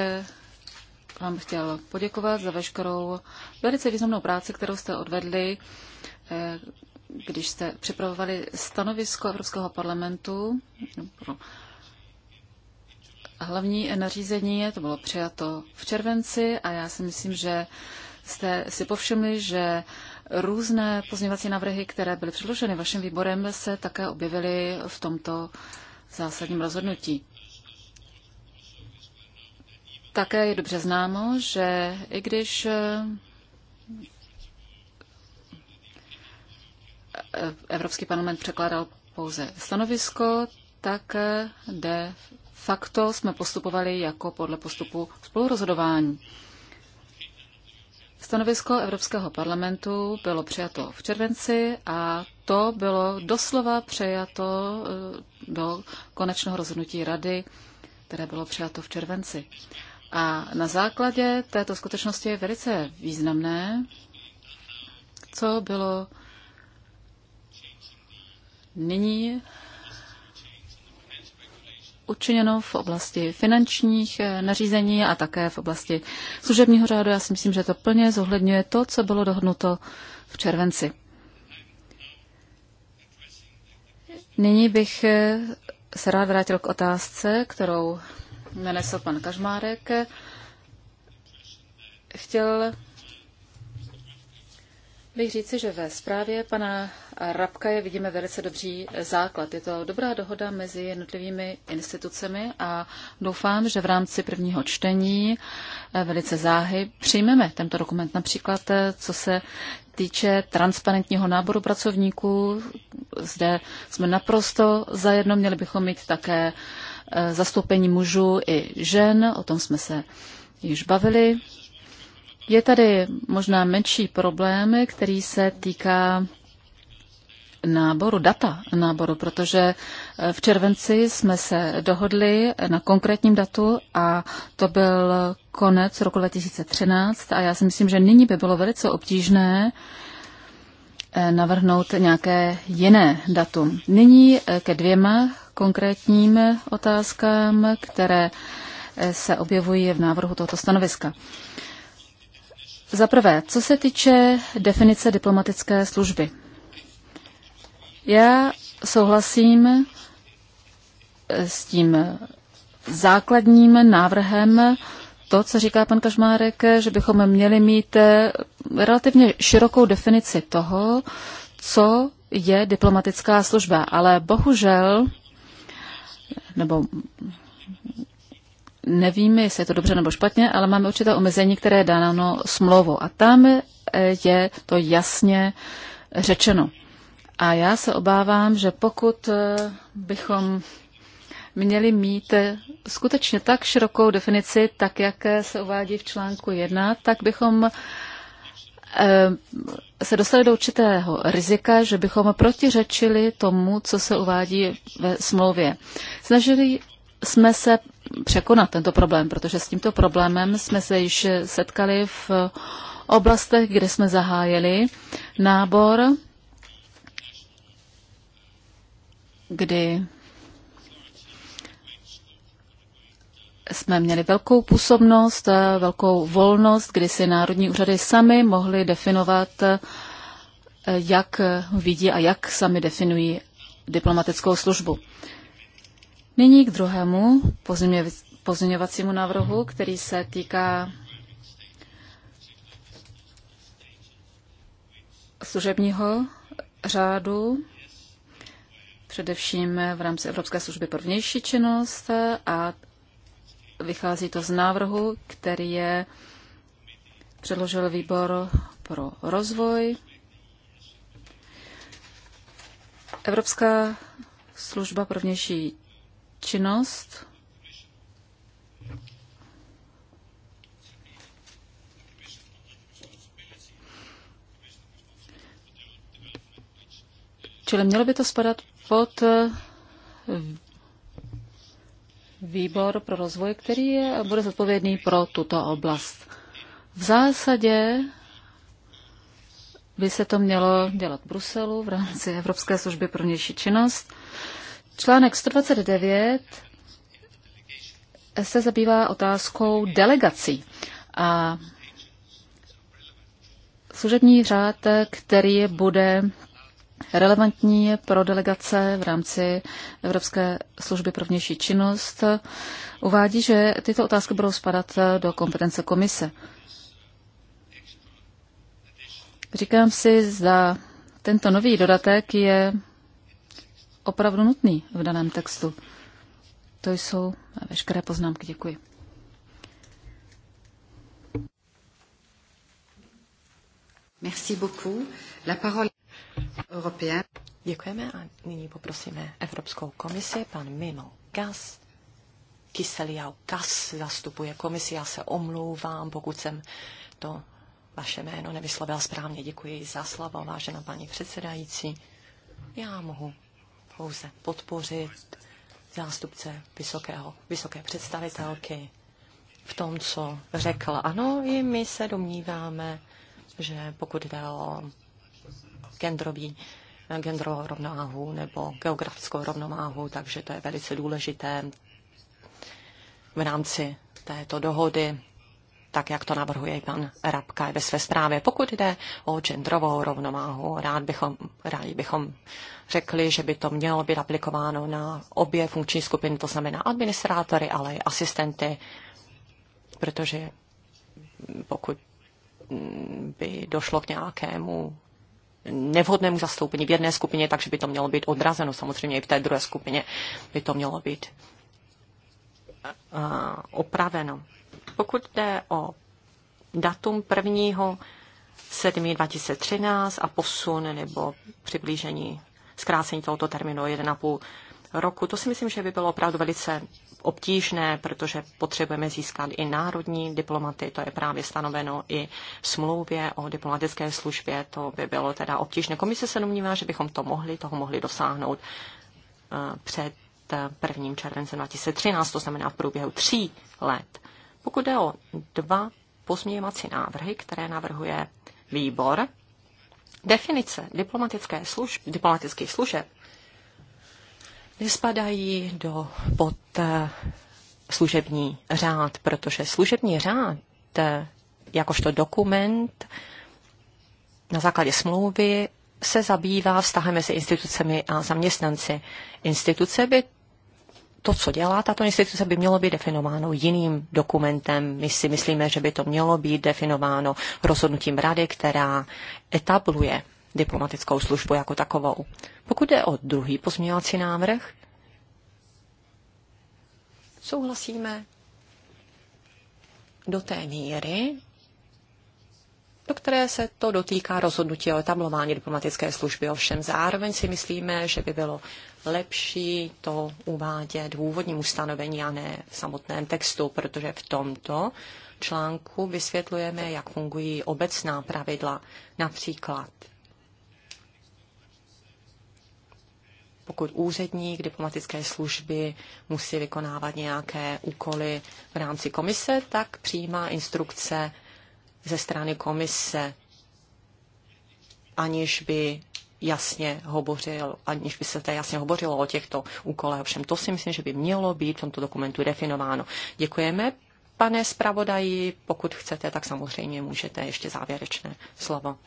vám chtěl poděkovat za veškerou velice významnou práci, kterou jste odvedli, eh, když jste připravovali stanovisko Evropského parlamentu pro hlavní nařízení, to bylo přijato v červenci a já si myslím, že jste si povšimli, že různé pozměvací návrhy, které byly předloženy vaším výborem, se také objevily v tomto zásadním rozhodnutí. Také je dobře známo, že i když eh, Evropský parlament překládal pouze stanovisko, tak eh, jde facto jsme postupovali jako podle postupu spolurozhodování. Stanovisko Evropského parlamentu bylo přijato v červenci a to bylo doslova přijato eh, do konečného rozhodnutí rady, které bylo přijato v červenci. A na základě této skutečnosti je velice významné, co bylo nyní učiněno v oblasti finančních eh, nařízení a také v oblasti služebního řádu. Já si myslím, že to plně zohledňuje to, co bylo dohodnuto v červenci. Nyní bych eh, se rád vrátil k otázce, kterou nenesl pan Kažmárek. Chtěl bych říci, že ve zprávě pana Rabka je vidíme velice dobrý základ. Je to dobrá dohoda mezi jednotlivými institucemi a doufám, že v rámci prvního čtení eh, velice záhy přijmeme tento dokument. Například, eh, co se týče transparentního náboru pracovníků, zde jsme naprosto zajedno, měli bychom mít také eh, zastoupení mužů i žen, o tom jsme se již bavili. Je tady možná menší problém, který se týká náboru data náboru, protože eh, v červenci jsme se dohodli na konkrétním datu a to byl konec roku 2013 a já si myslím, že nyní by bylo velice obtížné eh, navrhnout nějaké jiné datum. Nyní eh, ke dvěma konkrétním otázkám, které se objevují v návrhu tohoto stanoviska. Za prvé, co se týče definice diplomatické služby. Já souhlasím eh, s tím základním návrhem to, co říká pan Kažmárek, že bychom měli mít eh, relativně širokou definici toho, co je diplomatická služba. Ale bohužel, nebo nevím, jestli je to dobře nebo špatně, ale máme určité omezení, které je dáno smlouvou. A tam eh, je to jasně řečeno. A já se obávám, že pokud eh, bychom měli mít eh, skutečně tak širokou definici, tak jak se uvádí v článku 1, tak bychom se dostali do určitého rizika, že bychom protiřečili tomu, co se uvádí ve smlouvě. Snažili jsme se překonat tento problém, protože s tímto problémem jsme se již setkali v oblastech, kde jsme zahájili nábor, kdy jsme měli velkou působnost, velkou volnost, kdy si národní úřady sami mohly definovat, jak vidí a jak sami definují diplomatickou službu. Nyní k druhému pozměňovacímu návrhu, který se týká služebního řádu, především v rámci Evropské služby pro vnější činnost a vychází to z návrhu, který je předložil výbor pro rozvoj. Evropská služba pro vnější činnost. Čili mělo by to spadat pod eh, výbor pro rozvoj, který je, bude zodpovědný pro tuto oblast. V zásadě by se to mělo dělat v Bruselu v rámci Evropské služby pro vnější činnost. Článek 129 se zabývá otázkou delegací a služební řád, který bude relevantní pro delegace v rámci Evropské služby pro vnější činnost, uvádí, že tyto otázky budou spadat do kompetence komise. Říkám si, zda tento nový dodatek je opravdu nutný v daném textu. To jsou veškeré poznámky. Děkuji. Merci beaucoup. La parole européenne. Děkujeme a nyní poprosíme Evropskou komisi, pan Mimo Gas. Kyseliau Kas zastupuje komisi, já se omlouvám, pokud jsem to vaše jméno nevyslovila správně. Děkuji za slovo, vážená paní předsedající. Já mohu pouze podpořit zástupce vysokého, vysoké představitelky v tom, co řekl. Ano, i my se domníváme, že pokud jde o genderový genderovou rovnováhu nebo geografickou rovnováhu, takže to je velice důležité v rámci této dohody tak jak to navrhuje i pan Rabka ve své zprávě. Pokud jde o genderovou rovnováhu, rád bychom, rádi bychom řekli, že by to mělo být aplikováno na obě funkční skupiny, to znamená administrátory, ale i asistenty, protože pokud by došlo k nějakému nevhodnému zastoupení v jedné skupině, takže by to mělo být odrazeno. Samozřejmě i v té druhé skupině by to mělo být eh, opraveno. Pokud jde o datum prvního 7. 2013 a posun nebo přiblížení zkrácení tohoto termínu 1,5 roku. To si myslím, že by bylo opravdu velice obtížné, protože potřebujeme získat i národní diplomaty, to je právě stanoveno i v smlouvě o diplomatické službě, to by bylo teda obtížné. Komise se domnívá, že bychom to mohli, toho mohli dosáhnout eh, před 1. Eh, červencem 2013, to znamená v průběhu tří let. Pokud jde o dva pozměňovací návrhy, které navrhuje výbor, definice diplomatické služb, diplomatických služeb nespadají do, pod eh, služební řád, protože služební řád eh, jakožto dokument na základě smlouvy se zabývá vztahem mezi institucemi a zaměstnanci. Instituce by to, co dělá tato instituce, by mělo být definováno jiným dokumentem. My si myslíme, že by to mělo být definováno rozhodnutím rady, která etabluje diplomatickou službu jako takovou. Pokud jde o druhý pozměňovací návrh, souhlasíme do té míry, do které se to dotýká rozhodnutí o etablování diplomatické služby. Ovšem zároveň si myslíme, že by bylo lepší to uvádět v úvodním ustanovení a ne v samotném textu, protože v tomto článku vysvětlujeme, jak fungují obecná pravidla. Například pokud úředník diplomatické služby musí vykonávat nějaké úkoly v rámci komise, tak přijímá instrukce ze strany komise, aniž by jasně hovořil, aniž by se tady jasně hovořilo o těchto úkolech. Ovšem to si myslím, že by mělo být v tomto dokumentu definováno. Děkujeme, pane zpravodaji. Pokud chcete, tak samozřejmě můžete ještě závěrečné slovo.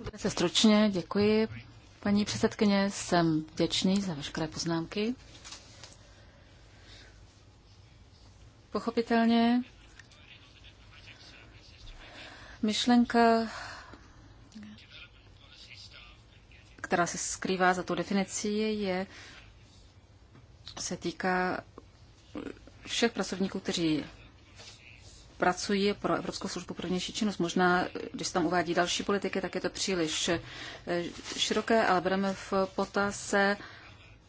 Velice stručně děkuji. Paní předsedkyně, jsem vděčný za veškeré poznámky. Pochopitelně myšlenka která se skrývá za tu definici, je, se týká všech pracovníků, kteří pracují pro Evropskou službu pro vnější činnost. Možná, když se tam uvádí další politiky, tak je to příliš eh, široké, ale bereme v potase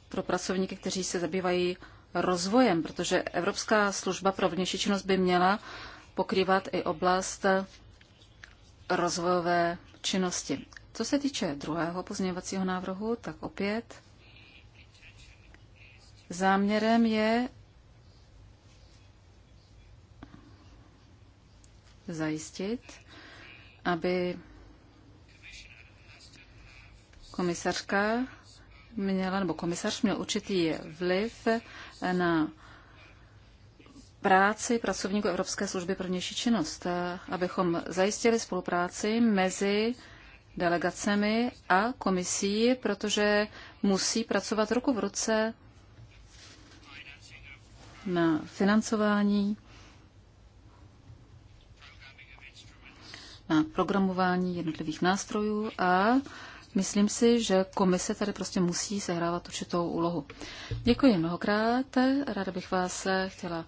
pro pracovníky, kteří se zabývají rozvojem, protože Evropská služba pro vnější činnost by měla pokrývat i oblast rozvojové činnosti. Co se týče druhého pozměňovacího návrhu, tak opět záměrem je zajistit, aby komisařka měla, nebo komisař měl určitý vliv na práci pracovníků Evropské služby pro vnější činnost, abychom zajistili spolupráci mezi delegacemi a komisí, protože musí pracovat ruku v ruce na financování, na programování jednotlivých nástrojů a myslím si, že komise tady prostě musí sehrávat určitou úlohu. Děkuji mnohokrát. Ráda bych vás chtěla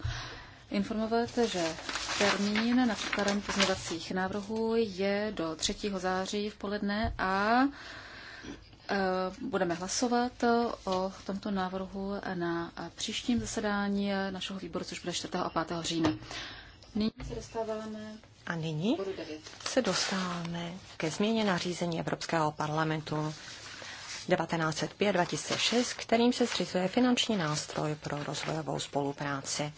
informovat, že termín na předkládání pozměvacích návrhů je do 3. září v poledne a e, budeme hlasovat o tomto návrhu na příštím zasedání našeho výboru, což bude 4. a 5. října. Nyní se dostáváme a nyní se dostáváme ke změně nařízení Evropského parlamentu 1905-2006, kterým se zřizuje finanční nástroj pro rozvojovou spolupráci.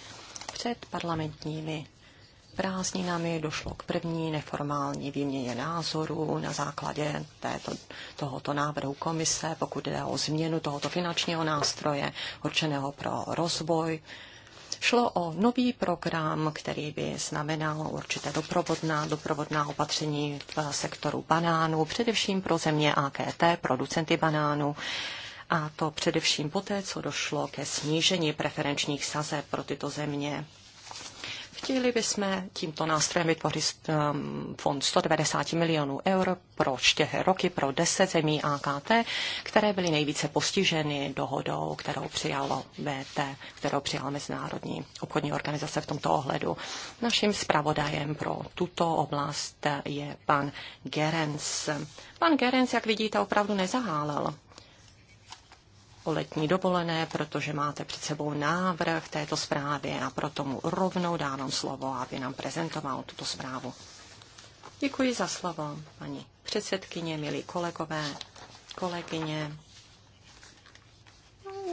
Před parlamentními prázdninami došlo k první neformální výměně názorů na základě této, tohoto návrhu komise, pokud jde o změnu tohoto finančního nástroje určeného pro rozvoj. Šlo o nový program, který by znamenal určité doprovodná, doprovodná opatření v sektoru banánů, především pro země AKT, producenty banánů a to především poté, co došlo ke snížení preferenčních sazeb pro tyto země. Chtěli bychom tímto nástrojem vytvořit um, fond 190 milionů eur pro čtyři roky pro 10 zemí AKT, které byly nejvíce postiženy dohodou, kterou přijalo VT, kterou přijala Mezinárodní obchodní organizace v tomto ohledu. Naším zpravodajem pro tuto oblast je pan Gerens. Pan Gerens, jak vidíte, opravdu nezahálel o letní dovolené, protože máte před sebou návrh této zprávy a proto mu rovnou dávám slovo, aby nám prezentoval tuto zprávu. Děkuji za slovo, paní předsedkyně, milí kolegové, kolegyně.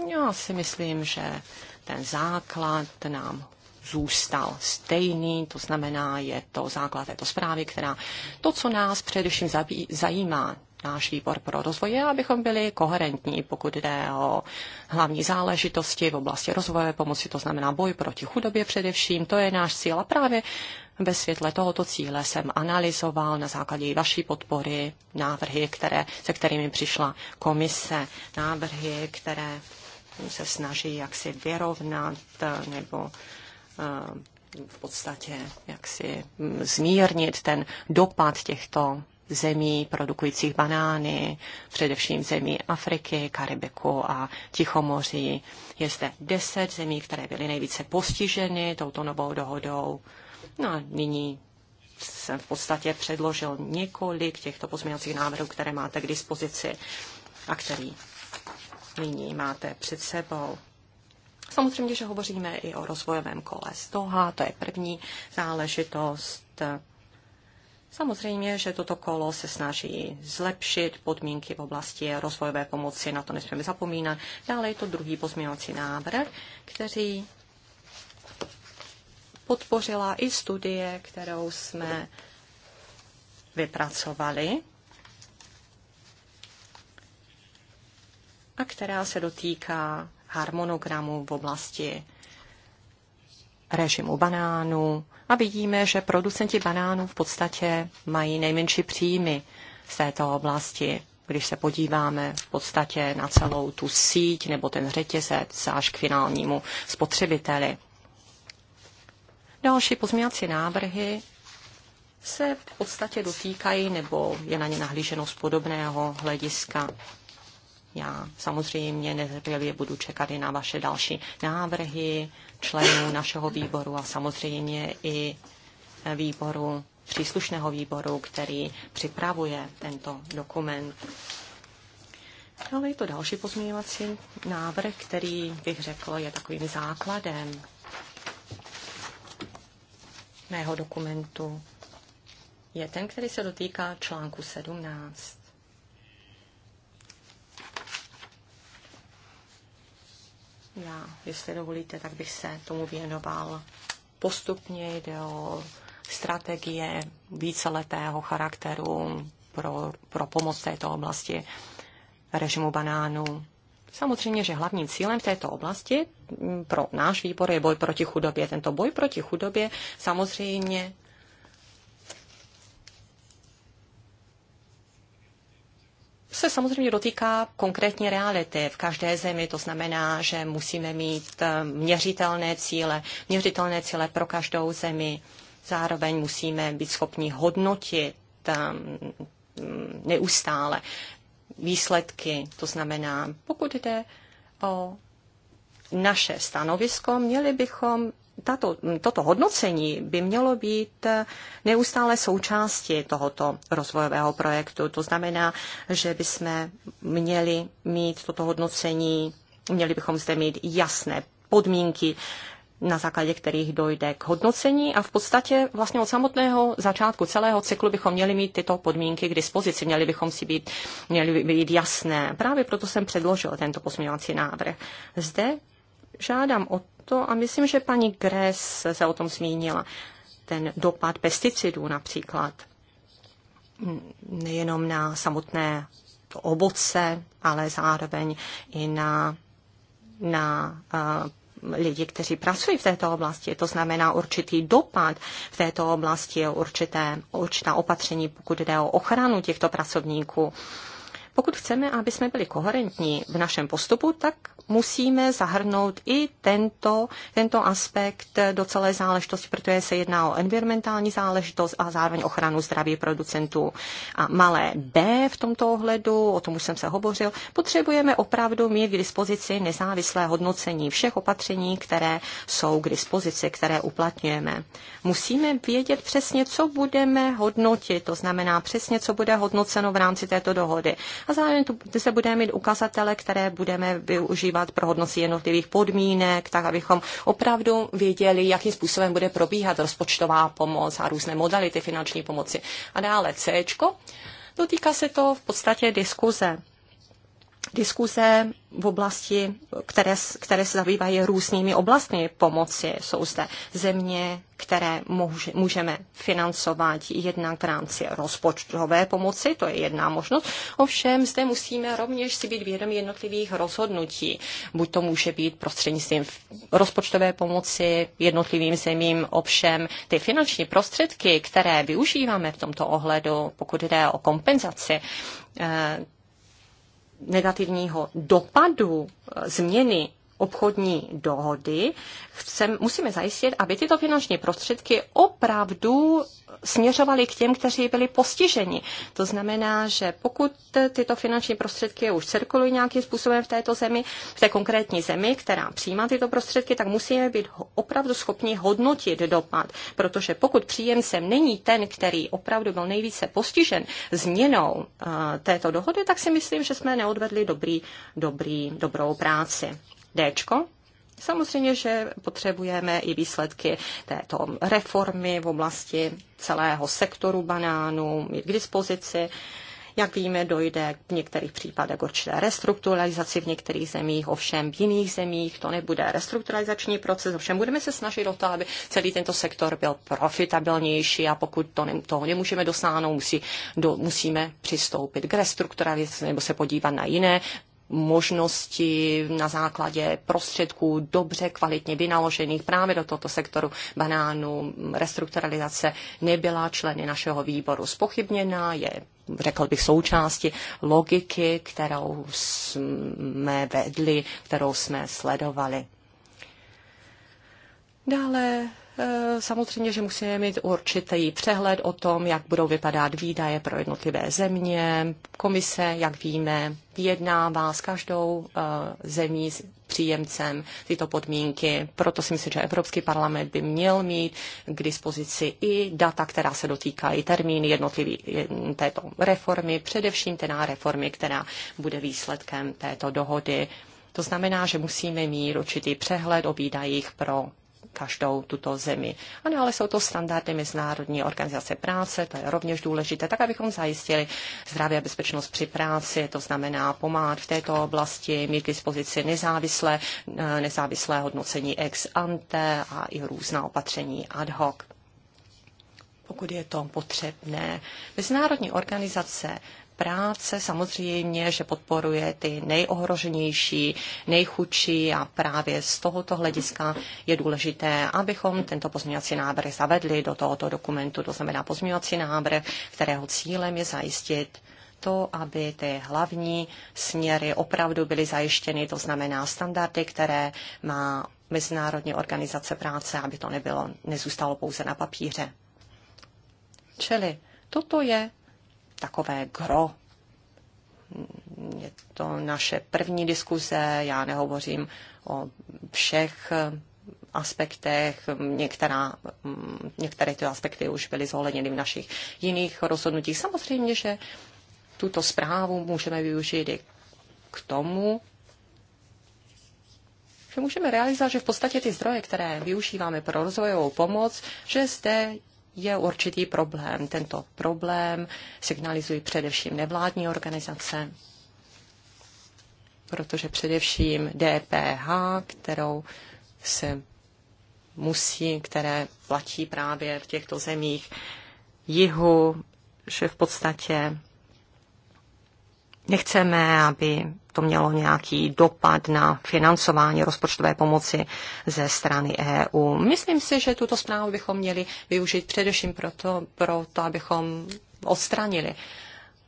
Já si myslím, že ten základ nám zůstal stejný, to znamená, je to základ této zprávy, která to, co nás především zajímá, náš výbor pro rozvoj je, abychom byli koherentní, pokud jde o hlavní záležitosti v oblasti rozvoje pomoci, to znamená boj proti chudobě především. To je náš cíl a právě ve světle tohoto cíle jsem analyzoval na základě vaší podpory návrhy, které, se kterými přišla komise, návrhy, které se snaží jaksi vyrovnat nebo eh, v podstatě jak si hm, zmírnit ten dopad těchto zemí produkujících banány, především zemí Afriky, Karibiku a Tichomoří. Je zde deset zemí, které byly nejvíce postiženy touto novou dohodou. No a nyní jsem v podstatě předložil několik těchto pozměňovacích návrhů, které máte k dispozici a který nyní máte před sebou. Samozřejmě, že hovoříme i o rozvojovém kole z toho, to je první záležitost. Samozřejmě, že toto kolo se snaží zlepšit podmínky v oblasti rozvojové pomoci, na to nesmíme zapomínat. Dále je to druhý pozměňovací návrh, který podpořila i studie, kterou jsme vypracovali a která se dotýká harmonogramu v oblasti režimu banánu, a vidíme, že producenti banánů v podstatě mají nejmenší příjmy z této oblasti. Když se podíváme v podstatě na celou tu síť nebo ten řetězec až k finálnímu spotřebiteli. Další pozměňovací návrhy se v podstatě dotýkají nebo je na ně nahlíženo z podobného hlediska. Já samozřejmě netrpělivě budu čekat i na vaše další návrhy členů našeho výboru a samozřejmě i výboru, příslušného výboru, který připravuje tento dokument. Ale je to další pozměňovací návrh, který bych řekl je takovým základem mého dokumentu. Je ten, který se dotýká článku 17. Já, jestli dovolíte, tak bych se tomu věnoval postupně. Jde o strategie víceletého charakteru pro, pro pomoc této oblasti režimu banánu. Samozřejmě, že hlavním cílem v této oblasti pro náš výbor je boj proti chudobě. Tento boj proti chudobě samozřejmě se samozřejmě dotýká konkrétní reality v každé zemi. To znamená, že musíme mít eh, měřitelné cíle, měřitelné cíle pro každou zemi. Zároveň musíme být schopni hodnotit eh, mm, neustále výsledky. To znamená, pokud jde o naše stanovisko, měli bychom tato, toto hodnocení by mělo být neustále součástí tohoto rozvojového projektu. To znamená, že bychom měli mít toto hodnocení, měli bychom zde mít jasné podmínky, na základě kterých dojde k hodnocení a v podstatě vlastně od samotného začátku celého cyklu bychom měli mít tyto podmínky k dispozici, měli bychom si být, měli by být jasné. Právě proto jsem předložil tento pozměňovací návrh. Zde žádám o to, a myslím, že paní Gres se o tom zmínila, ten dopad pesticidů například, nejenom na samotné to ovoce, ale zároveň i na, na uh, lidi, kteří pracují v této oblasti. To znamená určitý dopad v této oblasti, určité, určitá opatření, pokud jde o ochranu těchto pracovníků. Uh, pokud chceme, aby jsme byli koherentní v našem postupu, tak musíme zahrnout i tento, tento aspekt do celé záležitosti, protože se jedná o environmentální záležitost a zároveň ochranu zdraví producentů. A malé B v tomto ohledu, o tom už jsem se hovořil, potřebujeme opravdu mít k dispozici nezávislé hodnocení všech opatření, které jsou k dispozici, které uplatňujeme. Musíme vědět přesně, co budeme hodnotit, to znamená přesně, co bude hodnoceno v rámci této dohody a zároveň tu se budeme mít ukazatele, které budeme využívat pro hodnocení jednotlivých podmínek, tak abychom opravdu věděli, jakým způsobem bude probíhat rozpočtová pomoc a různé modality finanční pomoci. A dále C. Dotýká se to v podstatě diskuze diskuze v oblasti, které, které se zabývají různými oblastmi pomoci. Jsou zde země, které může, můžeme financovat jednak v rámci rozpočtové pomoci, to je jedna možnost. Ovšem zde musíme rovněž si být vědomi jednotlivých rozhodnutí. Buď to může být prostřednictvím rozpočtové pomoci jednotlivým zemím, ovšem ty finanční prostředky, které využíváme v tomto ohledu, pokud jde o kompenzaci, eh, negativního dopadu eh, změny obchodní dohody, chcem, musíme zajistit, aby tyto finanční prostředky opravdu směřovaly k těm, kteří byli postiženi. To znamená, že pokud tyto finanční prostředky už cirkulují nějakým způsobem v této zemi, v té konkrétní zemi, která přijímá tyto prostředky, tak musíme být opravdu schopni hodnotit dopad, protože pokud příjemcem není ten, který opravdu byl nejvíce postižen změnou eh, této dohody, tak si myslím, že jsme neodvedli dobrý, dobrý, dobrou práci. D. Samozřejmě, že potřebujeme i výsledky této reformy v oblasti celého sektoru banánů mít k dispozici. Jak víme, dojde v některých případech k určité restrukturalizaci, v některých zemích, ovšem v jiných zemích to nebude restrukturalizační proces, ovšem budeme se snažit o to, aby celý tento sektor byl profitabilnější a pokud to ne, toho nemůžeme dosáhnout, musí, do, musíme přistoupit k restrukturalizaci nebo se podívat na jiné možnosti na základě prostředků dobře, kvalitně vynaložených právě do tohoto sektoru banánů. Restrukturalizace nebyla členy našeho výboru spochybněna, je řekl bych, součásti logiky, kterou jsme vedli, kterou jsme sledovali. Dále Eh, samozřejmě, že musíme mít určitý přehled o tom, jak budou vypadat výdaje pro jednotlivé země. Komise, jak víme, vyjednává s každou eh, zemí s příjemcem tyto podmínky. Proto si myslím, že Evropský parlament by měl mít k dispozici i data, která se dotýkají termíny jednotlivý eh, této reformy, především teda reformy, která bude výsledkem této dohody. To znamená, že musíme mít určitý přehled o výdajích pro každou tuto zemi. Ano, ale jsou to standardy Mezinárodní organizace práce, to je rovněž důležité, tak abychom zajistili zdraví a bezpečnost při práci, to znamená pomáhat v této oblasti, mít k dispozici nezávislé, nezávislé hodnocení ex ante a i různá opatření ad hoc pokud je to potřebné. Mezinárodní organizace práce samozřejmě, že podporuje ty nejohroženější, nejchudší a právě z tohoto hlediska je důležité, abychom tento pozměňovací návrh zavedli do tohoto dokumentu, to znamená pozměňovací návrh, kterého cílem je zajistit to, aby ty hlavní směry opravdu byly zajištěny, to znamená standardy, které má Mezinárodní organizace práce, aby to nebylo, nezůstalo pouze na papíře. Čili toto je takové gro. Je to naše první diskuze, já nehovořím o všech eh, aspektech. Některá, mm, některé ty aspekty už byly zohledněny v našich jiných rozhodnutích. Samozřejmě, že tuto zprávu můžeme využít i k tomu, že můžeme realizovat, že v podstatě ty zdroje, které využíváme pro rozvojovou pomoc, že zde je určitý problém. Tento problém signalizují především nevládní organizace, protože především DPH, kterou se musí, které platí právě v těchto zemích jihu, že v podstatě Nechceme, aby to mělo nějaký dopad na financování rozpočtové pomoci ze strany EU. Myslím si, že tuto zprávu bychom měli využít především proto, proto abychom odstranili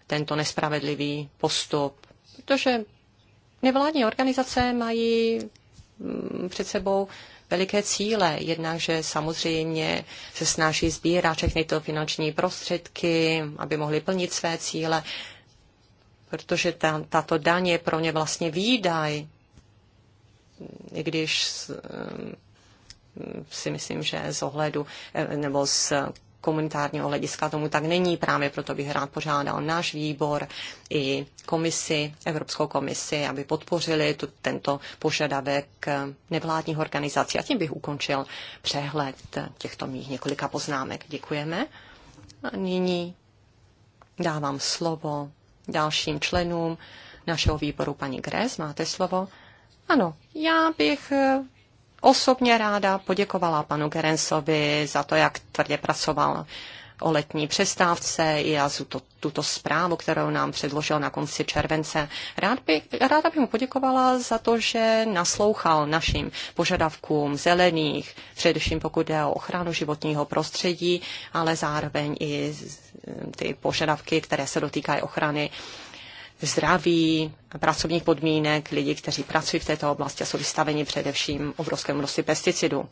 tento nespravedlivý postup, protože nevládní organizace mají mm, před sebou veliké cíle. Jednak, že samozřejmě se snaží sbírat všechny to finanční prostředky, aby mohli plnit své cíle protože ta, tato daň je pro ně vlastně výdaj, i když um, si myslím, že z ohledu eh, nebo z komunitárního hlediska tomu tak není. Právě proto bych rád požádal náš výbor i komisi, Evropskou komisi, aby podpořili tu, tento požadavek nevládních organizací. A tím bych ukončil přehled těchto mých několika poznámek. Děkujeme. A nyní dávám slovo dalším členům našeho výboru. Paní Gres, máte slovo. Ano, já bych eh, osobně ráda poděkovala panu Gerensovi za to, jak tvrdě pracoval o letní přestávce i a tuto, tuto zprávu, kterou nám předložil na konci července. Rád by, ráda bych mu poděkovala za to, že naslouchal našim požadavkům zelených, především pokud jde o ochranu životního prostředí, ale zároveň i ty požadavky, které se dotýkají ochrany zdraví, pracovních podmínek lidí, kteří pracují v této oblasti a jsou vystaveni především obrovskému množství pesticidů.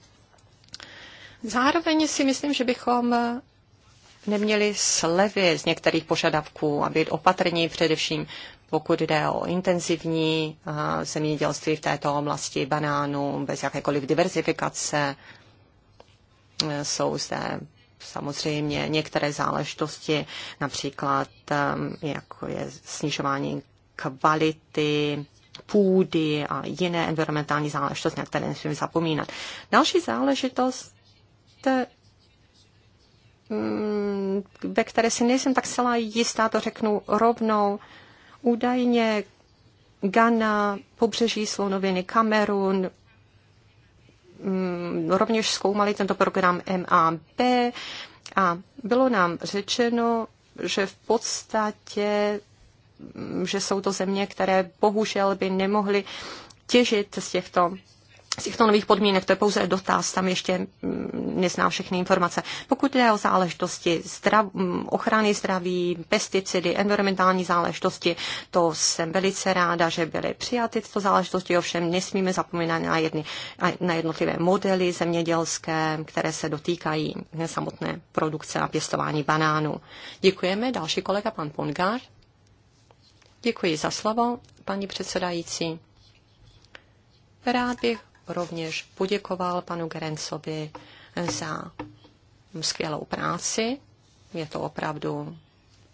Zároveň si myslím, že bychom neměli slevy z některých požadavků a být opatrní především pokud jde o intenzivní zemědělství v této oblasti banánů, bez jakékoliv diversifikace, e, jsou zde samozřejmě některé záležitosti, například jako je snižování kvality půdy a jiné environmentální záležitosti, na které nesmíme zapomínat. Další záležitost mm, ve které si nejsem tak celá jistá, to řeknu rovnou. Údajně Ghana, pobřeží slonoviny, Kamerun, Mm, rovněž zkoumali tento program MAB a bylo nám řečeno, že v podstatě, mm, že jsou to země, které bohužel by nemohly těžit z těchto z těchto nových podmínek, to je pouze dotaz, tam ještě mm, neznám všechny informace. Pokud jde o záležitosti zdrav, mm, ochrany zdraví, pesticidy, environmentální záležitosti, to jsem velice ráda, že byly přijaty tyto záležitosti, ovšem nesmíme zapomínat na, jedny, na jednotlivé modely zemědělské, které se dotýkají samotné produkce a pěstování banánů. Děkujeme. Další kolega, pan Pongár. Děkuji za slovo, paní předsedající. Rád bych rovněž poděkoval panu Gerencovi za skvělou práci. Je to opravdu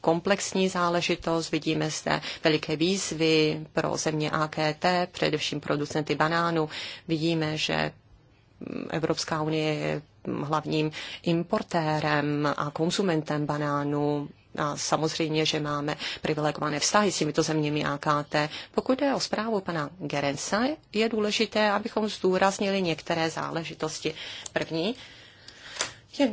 komplexní záležitost. Vidíme zde veliké výzvy pro země AKT, především producenty banánů. Vidíme, že Evropská unie je hlavním importérem a konsumentem banánů a samozřejmě, že máme privilegované vztahy s těmito zeměmi AKT. Pokud jde o zprávu pana Gerensa, je důležité, abychom zdůraznili některé záležitosti. První je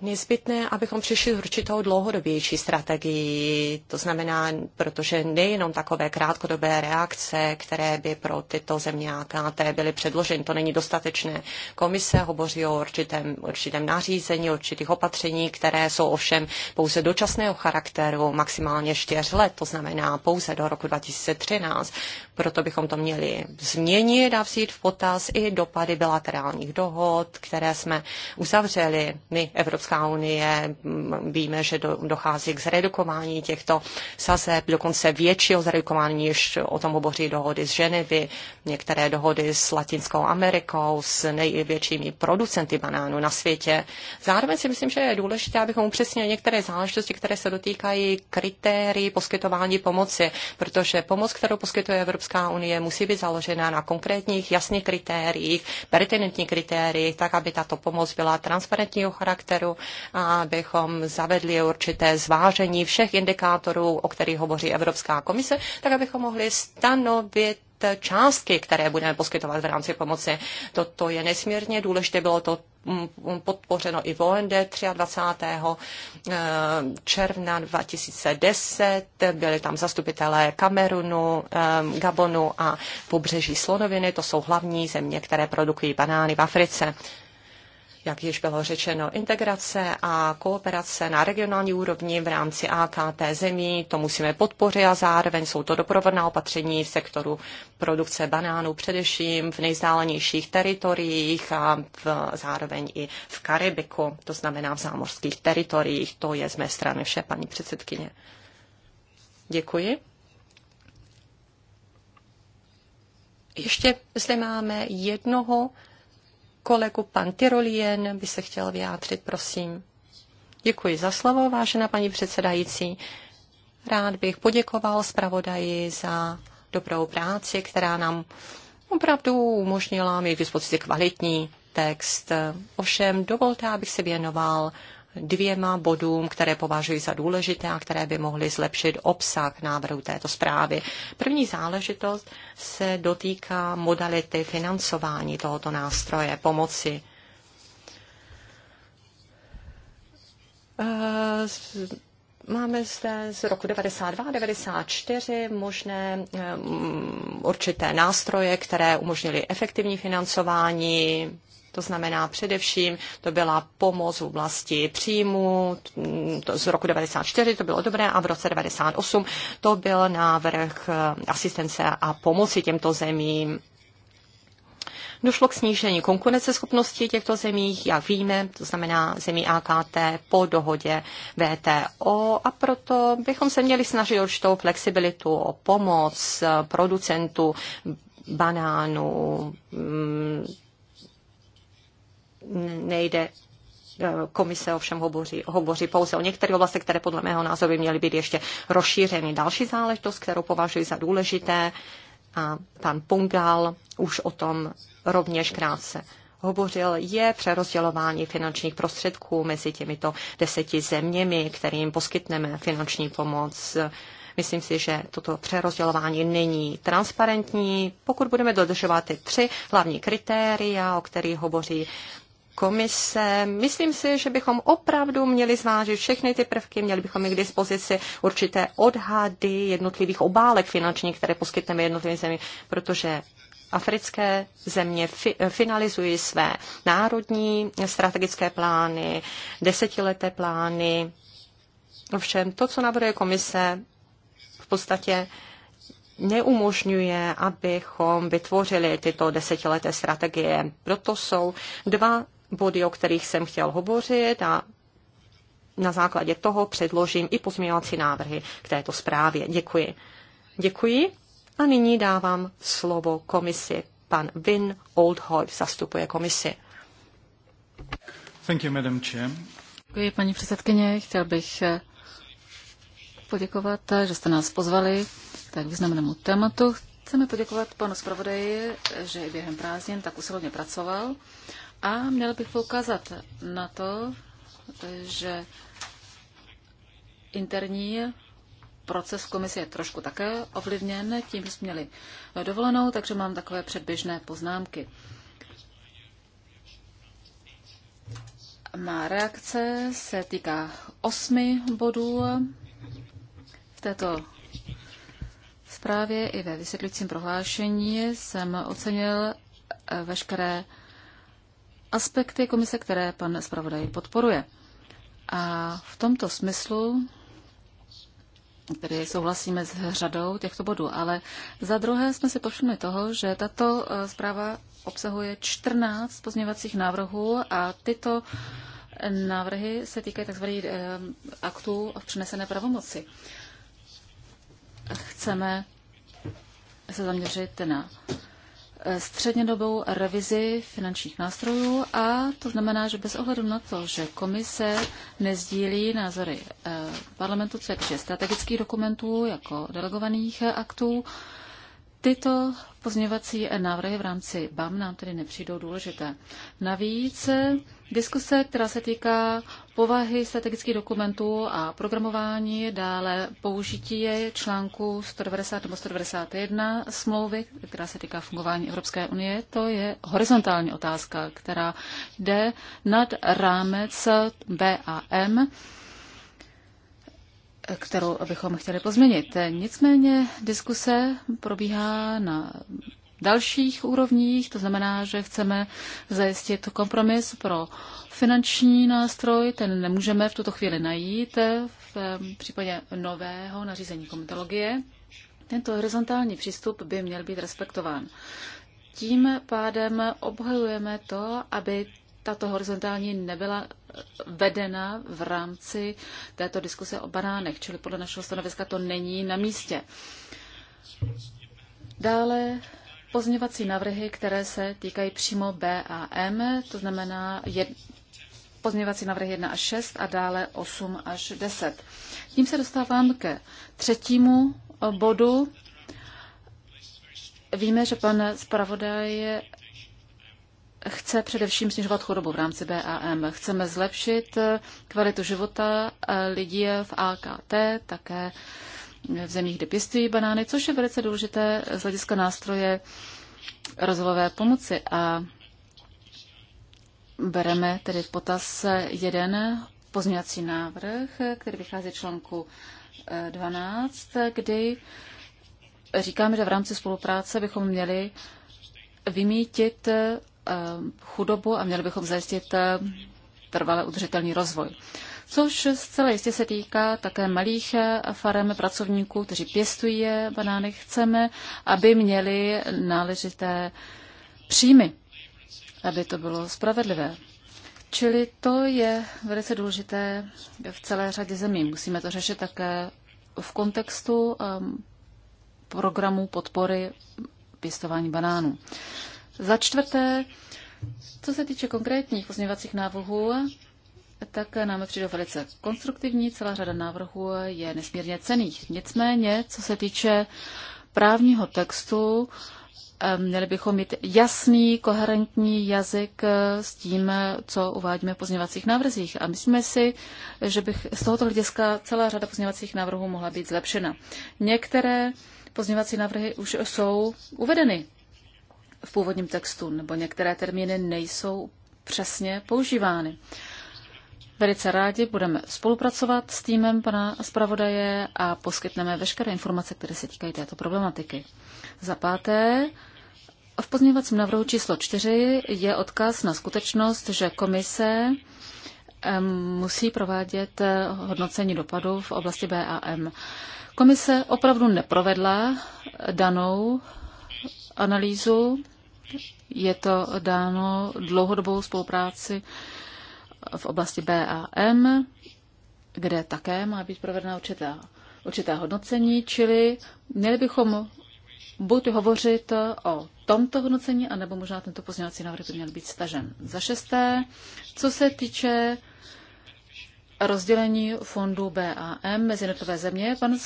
nezbytné, abychom přišli s určitou dlouhodobější strategii, To znamená, protože nejenom takové krátkodobé reakce, které by pro tyto země AKT byly předloženy, to není dostatečné. Komise hovoří o určitém, určitém nařízení, určitých opatření, které jsou ovšem pouze dočasného charakteru, maximálně 4 let, to znamená pouze do roku 2013. Proto bychom to měli změnit a vzít v potaz i dopady bilaterálních dohod, které jsme uzavřeli my Evropská unie. Mm, víme, že dochází k zredukování těchto sazeb, dokonce většího zredukování, než o tom hovoří dohody z Ženevy, některé dohody s Latinskou Amerikou, s největšími producenty banánů na světě. Zároveň si myslím, že je důležité, abychom upřesnili některé záležitosti, které se dotýkají kritérií poskytování pomoci, protože pomoc, kterou poskytuje Evropská unie, musí být založena na konkrétních jasných kritériích, pertinentních kritériích, tak, aby tato pomoc byla transparentního charakteru sektoru, a abychom zavedli určité zvážení všech indikátorů, o kterých hovoří Evropská komise, tak abychom mohli stanovit částky, které budeme poskytovat v rámci pomoci. Toto je nesmírně důležité, bylo to mm, mm, podpořeno i v OND 23. Eh, června 2010. Byli tam zastupitelé Kamerunu, eh, Gabonu a pobřeží Slonoviny. To jsou hlavní země, které produkují banány v Africe jak již bylo řečeno, integrace a kooperace na regionální úrovni v rámci AKT zemí. To musíme podpořit a zároveň jsou to doprovodná opatření v sektoru produkce banánů, především v nejzdálenějších teritoriích a v, zároveň i v Karibiku, to znamená v zámořských teritoriích. To je z mé strany vše, paní předsedkyně. Děkuji. Ještě zde máme jednoho kolegu pan Tyrolien by se chtěl vyjádřit, prosím. Děkuji za slovo, vážená paní předsedající. Rád bych poděkoval zpravodaji za dobrou práci, která nám opravdu umožnila mít k dispozici kvalitní text. Ovšem dovolte, abych se věnoval dvěma bodům, které považuji za důležité a které by mohly zlepšit obsah návrhu této zprávy. První záležitost se dotýká modality financování tohoto nástroje pomoci. Eh, máme zde z roku 92 94 možné eh, určité nástroje, které umožnily efektivní financování to znamená především, to byla pomoc v oblasti příjmu mm, z roku 94, to bylo dobré, a v roce 98 to byl návrh eh, asistence a pomoci těmto zemím. Došlo k snížení konkurenceschopnosti těchto zemí, jak víme, to znamená zemí AKT po dohodě VTO a proto bychom se měli snažit určitou flexibilitu o pomoc eh, producentů banánů, mm, nejde eh, komise ovšem hovoří, hovoří pouze o některých oblastech, které podle mého názoru by měly být ještě rozšířeny. Další záležitost, kterou považuji za důležité, a pan Pungal už o tom rovněž krátce hovořil, je přerozdělování finančních prostředků mezi těmito deseti zeměmi, kterým poskytneme finanční pomoc. Myslím si, že toto přerozdělování není transparentní. Pokud budeme dodržovat ty tři hlavní kritéria, o kterých hovoří komise. Myslím si, že bychom opravdu měli zvážit všechny ty prvky, měli bychom mít k dispozici určité odhady jednotlivých obálek finančních, které poskytneme jednotlivým zemím, protože africké země fi- finalizují své národní strategické plány, desetileté plány. Ovšem to, co navrhuje komise, v podstatě neumožňuje, abychom vytvořili tyto desetileté strategie. Proto jsou dva body, o kterých jsem chtěl hovořit a na základě toho předložím i pozměňovací návrhy k této zprávě. Děkuji. Děkuji. A nyní dávám slovo komisi. Pan Vin Oldhoff zastupuje komisi. Thank you, Madam Chair. Děkuji, paní předsedkyně. Chtěl bych eh, poděkovat, eh, že jste nás pozvali tak významnému tématu. Chceme poděkovat panu zpravodaji, eh, že i během prázdnin tak usilovně pracoval a měl bych poukázat na to, že interní proces komise je trošku také ovlivněn tím, že jsme měli dovolenou, takže mám takové předběžné poznámky. Má reakce se týká osmi bodů v této zprávě i ve vysvětlujícím prohlášení jsem ocenil veškeré aspekty komise, které pan zpravodaj podporuje. A v tomto smyslu tedy souhlasíme s řadou těchto bodů, ale za druhé jsme si povšimli toho, že tato eh, zpráva obsahuje 14 pozměňovacích návrhů a tyto návrhy se týkají tzv. Eh, aktů v přenesené pravomoci. Chceme se zaměřit na střednědobou revizi finančních nástrojů a to znamená, že bez ohledu na to, že komise nezdílí názory eh, parlamentu, co je strategických dokumentů jako delegovaných aktů, Tyto pozměvací návrhy v rámci BAM nám tedy nepřijdou důležité. Navíc diskuse, která se týká povahy strategických dokumentů a programování, dále použití je článku 190 nebo 191 smlouvy, která se týká fungování Evropské unie, to je horizontální otázka, která jde nad rámec BAM kterou bychom chtěli pozměnit. Nicméně diskuse probíhá na dalších úrovních, to znamená, že chceme zajistit kompromis pro finanční nástroj, ten nemůžeme v tuto chvíli najít v eh, případě nového nařízení komitologie. Tento horizontální přístup by měl být respektován. Tím pádem obhajujeme to, aby tato horizontální nebyla vedena v rámci této diskuse o banánech, čili podle našeho stanoviska to není na místě. Dále pozměvací návrhy, které se týkají přímo B a M, to znamená jed, pozměvací návrhy 1 až 6 a dále 8 až 10. Tím se dostávám ke třetímu eh, bodu. Víme, že pan zpravodaj chce především snižovat chudobu v rámci BAM. Chceme zlepšit eh, kvalitu života eh, lidí v AKT, také v zemích, kde pěstují banány, což je velice důležité z hlediska nástroje rozvojové pomoci. A bereme tedy v potaz jeden pozměňovací návrh, který vychází článku 12, eh, kdy říkáme, že v rámci spolupráce bychom měli vymítit Eh, chudobu a měli bychom zajistit eh, trvalé udržitelný rozvoj. Což zcela jistě se týká také malých eh, farem pracovníků, kteří pěstují banány. Chceme, aby měli náležité příjmy, aby to bylo spravedlivé. Čili to je velice důležité v celé řadě zemí. Musíme to řešit také v kontextu ehm, programů podpory pěstování banánů. Za čtvrté, co se týče konkrétních pozměňovacích návrhů, tak nám přijde velice konstruktivní. Celá řada návrhů je nesmírně cených. Nicméně, co se týče právního textu, eh, měli bychom mít jasný, koherentní jazyk eh, s tím, co uvádíme v pozměňovacích návrzích. A myslíme si, že bych z tohoto hlediska celá řada pozměňovacích návrhů mohla být zlepšena. Některé pozměňovací návrhy už jsou uvedeny v původním textu, nebo některé termíny nejsou přesně používány. Velice rádi budeme spolupracovat s týmem pana zpravodaje a poskytneme veškeré informace, které se týkají této problematiky. Za páté, v pozměňovacím návrhu číslo 4 je odkaz na skutečnost, že komise musí provádět eh, hodnocení dopadu v oblasti BAM. Komise opravdu neprovedla danou analýzu je to dáno dlouhodobou spolupráci v oblasti BAM, kde také má být provedena určitá, určitá hodnocení, čili měli bychom buď hovořit o tomto hodnocení, anebo možná tento pozměňovací návrh by měl být stažen. Za šesté, co se týče rozdělení fondů BAM mezi jednotlivé země, pan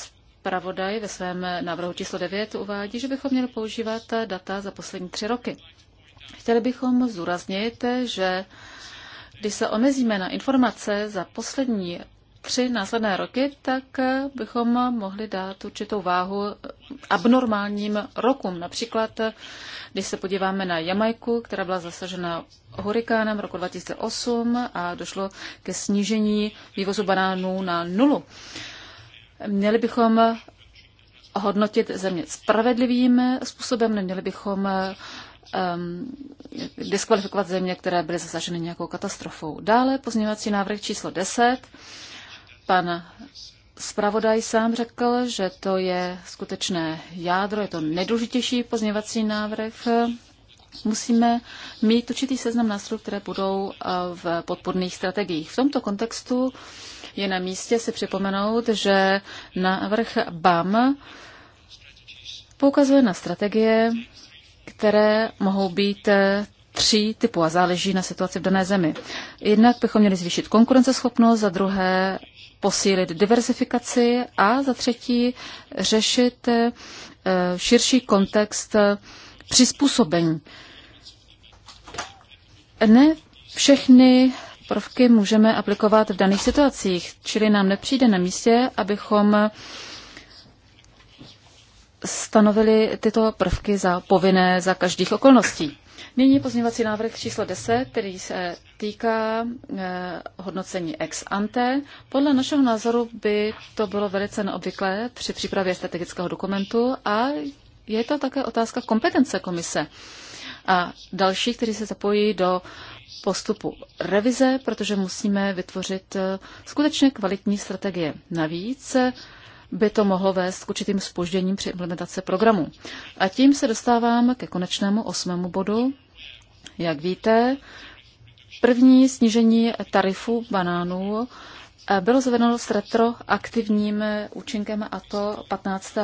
Pravodaj ve svém návrhu číslo 9 uvádí, že bychom měli používat data za poslední tři roky. Chtěli bychom zúraznit, že když se omezíme na informace za poslední tři následné roky, tak bychom mohli dát určitou váhu abnormálním rokům. Například, když se podíváme na Jamajku, která byla zasažena hurikánem roku 2008 a došlo ke snížení vývozu banánů na nulu. Měli bychom hodnotit země spravedlivým způsobem, neměli bychom um, diskvalifikovat země, které byly zasaženy nějakou katastrofou. Dále pozměňovací návrh číslo 10. Pan zpravodaj sám řekl, že to je skutečné jádro, je to nejdůležitější pozměňovací návrh musíme mít určitý seznam nástrojů, které budou eh, v podporných strategiích. V tomto kontextu je na místě si připomenout, že návrh BAM poukazuje na strategie, které mohou být eh, tří typů a záleží na situaci v dané zemi. Jednak bychom měli zvýšit konkurenceschopnost, za druhé posílit diversifikaci a za třetí řešit eh, širší kontext přizpůsobení. Ne všechny prvky můžeme aplikovat v daných situacích, čili nám nepřijde na místě, abychom stanovili tyto prvky za povinné za každých okolností. Nyní pozměňovací návrh číslo 10, který se týká eh, hodnocení ex ante. Podle našeho názoru by to bylo velice neobvyklé při přípravě strategického dokumentu a je to také otázka kompetence komise a další, kteří se zapojí do postupu revize, protože musíme vytvořit eh, skutečně kvalitní strategie. Navíc eh, by to mohlo vést k určitým spožděním při implementaci programu. A tím se dostávám ke konečnému osmému bodu. Jak víte, první snížení tarifu banánů bylo zavedeno s retroaktivním účinkem a to 15.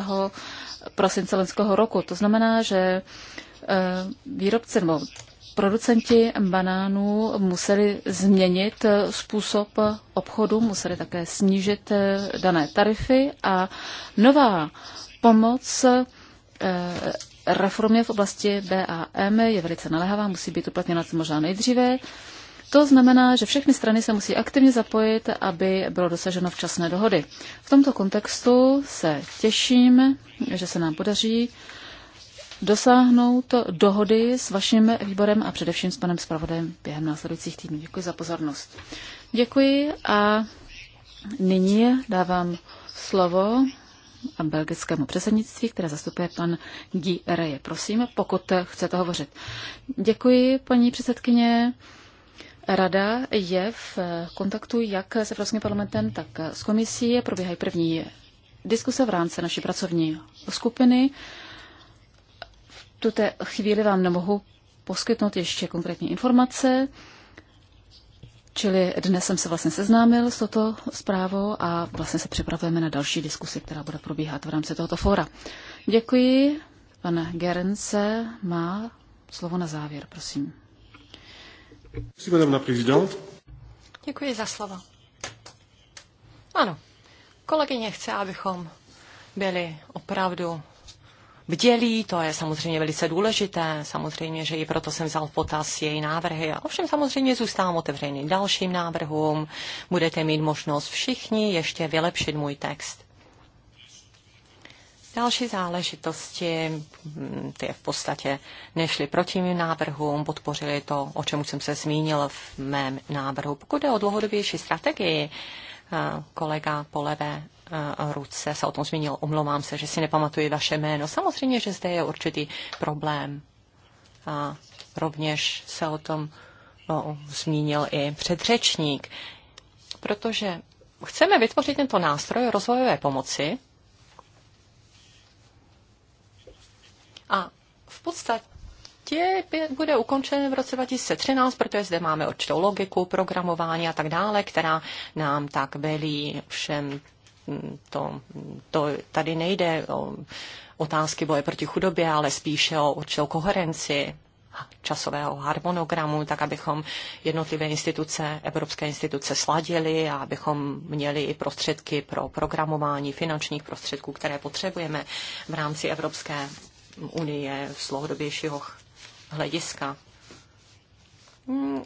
prosince lenského roku. To znamená, že eh, výrobci nebo producenti banánů museli změnit eh, způsob obchodu, museli také snížit eh, dané tarify a nová pomoc reformě v oblasti BAM je velice naléhavá, musí být uplatněna co možná nejdříve. To znamená, že všechny strany se musí aktivně zapojit, aby bylo dosaženo včasné dohody. V tomto kontextu se těším, že se nám podaří dosáhnout dohody s vaším výborem a především s panem zpravodajem během následujících týdnů. Děkuji za pozornost. Děkuji a nyní dávám slovo a belgickému předsednictví, které zastupuje pan Guy Reje. Prosím, pokud chcete hovořit. Děkuji, paní předsedkyně. Rada je v kontaktu jak s Evropským parlamentem, tak s komisí. Probíhají první diskuse v rámci naší pracovní skupiny. V tuto chvíli vám nemohu poskytnout ještě konkrétní informace, čili dnes jsem se vlastně seznámil s toto zprávou a vlastně se připravujeme na další diskusi, která bude probíhat v rámci tohoto fóra. Děkuji. Pan Gerence má slovo na závěr, prosím. Děkuji za slovo. Ano, kolegyně chce, abychom byli opravdu bdělí, to je samozřejmě velice důležité, samozřejmě, že i proto jsem vzal v potaz její návrhy. Ovšem samozřejmě zůstávám otevřený dalším návrhům, budete mít možnost všichni ještě vylepšit můj text. Další záležitosti, mm, ty v podstatě nešly proti mým návrhům, podpořili to, o čem jsem se zmínil v mém návrhu. Pokud jde o dlouhodobější strategii, eh, kolega po levé eh, ruce se o tom zmínil, omlouvám se, že si nepamatuji vaše jméno. Samozřejmě, že zde je určitý problém. A rovněž se o tom no, zmínil i předřečník, protože chceme vytvořit tento nástroj rozvojové pomoci, A v podstatě tě bude ukončen v roce 2013, protože zde máme určitou logiku, programování a tak dále, která nám tak velí všem to, to tady nejde o otázky boje proti chudobě, ale spíše o určitou koherenci časového harmonogramu, tak abychom jednotlivé instituce, evropské instituce sladili a abychom měli i prostředky pro programování finančních prostředků, které potřebujeme v rámci Evropské Unie z dlouhodobějšího hlediska. Hmm,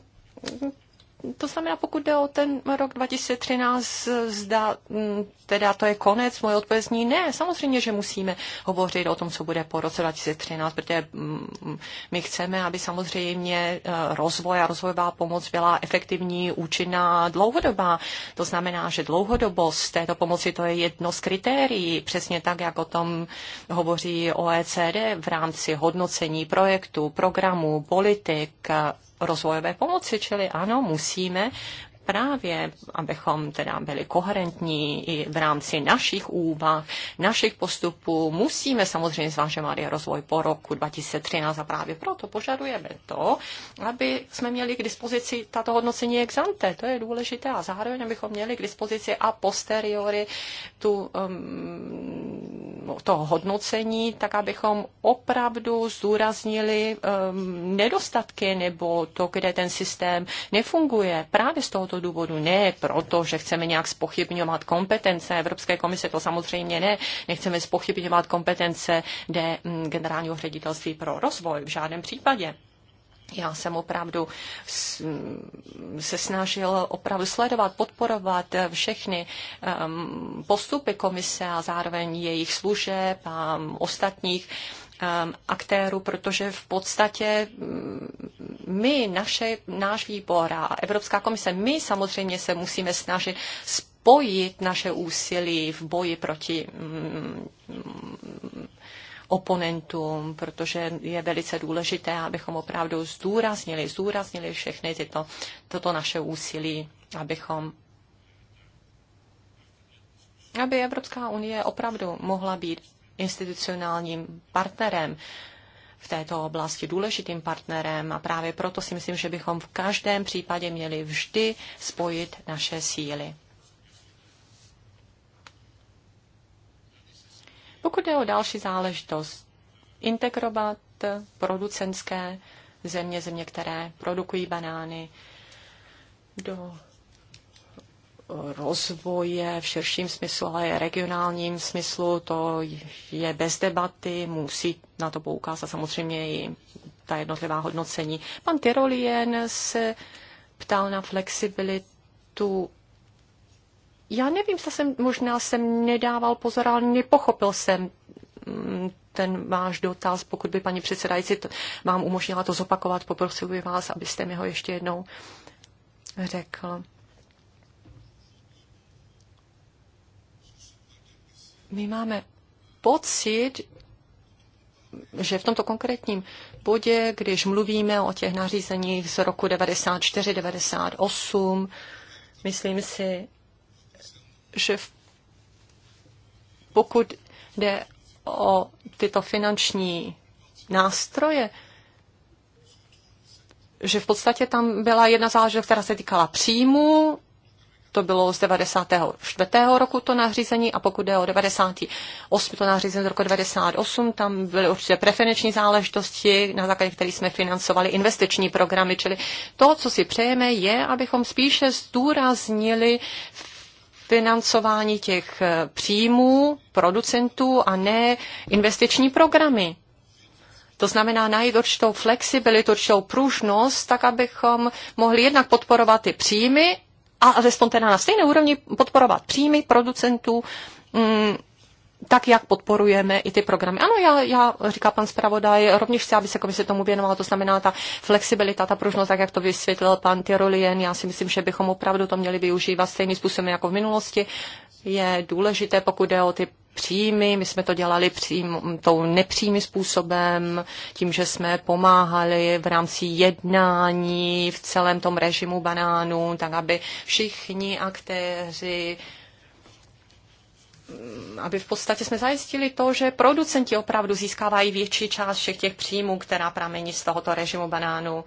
to znamená, pokud jde o ten rok 2013, zda, mm, teda to je konec, moje odpověď zní ne. Samozřejmě, že musíme hovořit o tom, co bude po roce 2013, protože mm, my chceme, aby samozřejmě eh, rozvoj a rozvojová pomoc byla efektivní, účinná, dlouhodobá. To znamená, že dlouhodobost této pomoci to je jedno z kritérií, přesně tak, jak o tom hovoří OECD v rámci hodnocení projektu, programu, politik, rozvojové pomoci, čili ano, musíme právě, abychom teda byli koherentní i v rámci našich úvah, našich postupů, musíme samozřejmě zvažovat i rozvoj po roku 2013 a právě proto požadujeme to, aby jsme měli k dispozici tato hodnocení ex ante, to je důležité a zároveň abychom měli k dispozici a posteriori tu, um, to hodnocení, tak abychom opravdu zdůraznili um, nedostatky nebo to, kde ten systém nefunguje právě z tohoto tohoto důvodu, ne proto, že chceme nějak spochybňovat kompetence Evropské komise, to samozřejmě ne, nechceme spochybňovat kompetence de, mm, generálního ředitelství pro rozvoj v žádném případě. Já jsem opravdu mm, se snažil opravdu sledovat, podporovat všechny mm, postupy komise a zároveň jejich služeb a ostatních Um, aktérů, protože v podstatě mm, my, naše, náš výbor a Evropská komise, my samozřejmě se musíme snažit spojit naše úsilí v boji proti mm, oponentům, protože je velice důležité, abychom opravdu zdůraznili, zdůraznili všechny tyto, toto naše úsilí, abychom aby Evropská unie opravdu mohla být institucionálním partnerem v této oblasti důležitým partnerem a právě proto si myslím, že bychom v každém případě měli vždy spojit naše síly. Pokud je o další záležitost, integrovat producenské země, země, které produkují banány, do rozvoje v širším smyslu, ale i regionálním smyslu, to je bez debaty, musí na to poukázat samozřejmě i ta jednotlivá hodnocení. Pan Tyrolien se ptal na flexibilitu. Já nevím, zda jsem, možná jsem nedával pozor, ale nepochopil jsem mm, ten váš dotaz. Pokud by paní předsedající vám umožnila to zopakovat, poprosil bych vás, abyste mi ho ještě jednou řekl. my máme pocit, že v tomto konkrétním bodě, když mluvíme o těch nařízeních z roku 94-98, myslím si, že v, pokud jde o tyto finanční nástroje, že v podstatě tam byla jedna záležitost, která se týkala příjmu to bylo z 94. roku to nařízení a pokud je o 98, to nařízení z roku 98, tam byly určitě preferenční záležitosti, na základě kterých jsme financovali investiční programy, čili to, co si přejeme, je, abychom spíše zdůraznili financování těch eh, příjmů producentů a ne investiční programy. To znamená najít určitou flexibilitu, určitou pružnost, tak abychom mohli jednak podporovat ty příjmy a alespoň teda na stejné úrovni podporovat příjmy producentů, mm, tak jak podporujeme i ty programy. Ano, já, já říká pan zpravodaj, rovněž chci, aby se komise tomu věnovala, to znamená ta flexibilita, ta pružnost, tak jak to vysvětlil pan Tyrolien, já si myslím, že bychom opravdu to měli využívat stejným způsobem jako v minulosti. Je důležité, pokud jde o ty příjmy. My jsme to dělali přím, tou nepřímým způsobem, tím, že jsme pomáhali v rámci jednání v celém tom režimu banánů, tak aby všichni aktéři mm, aby v podstatě jsme zajistili to, že producenti opravdu získávají větší část všech těch příjmů, která pramení z tohoto režimu banánů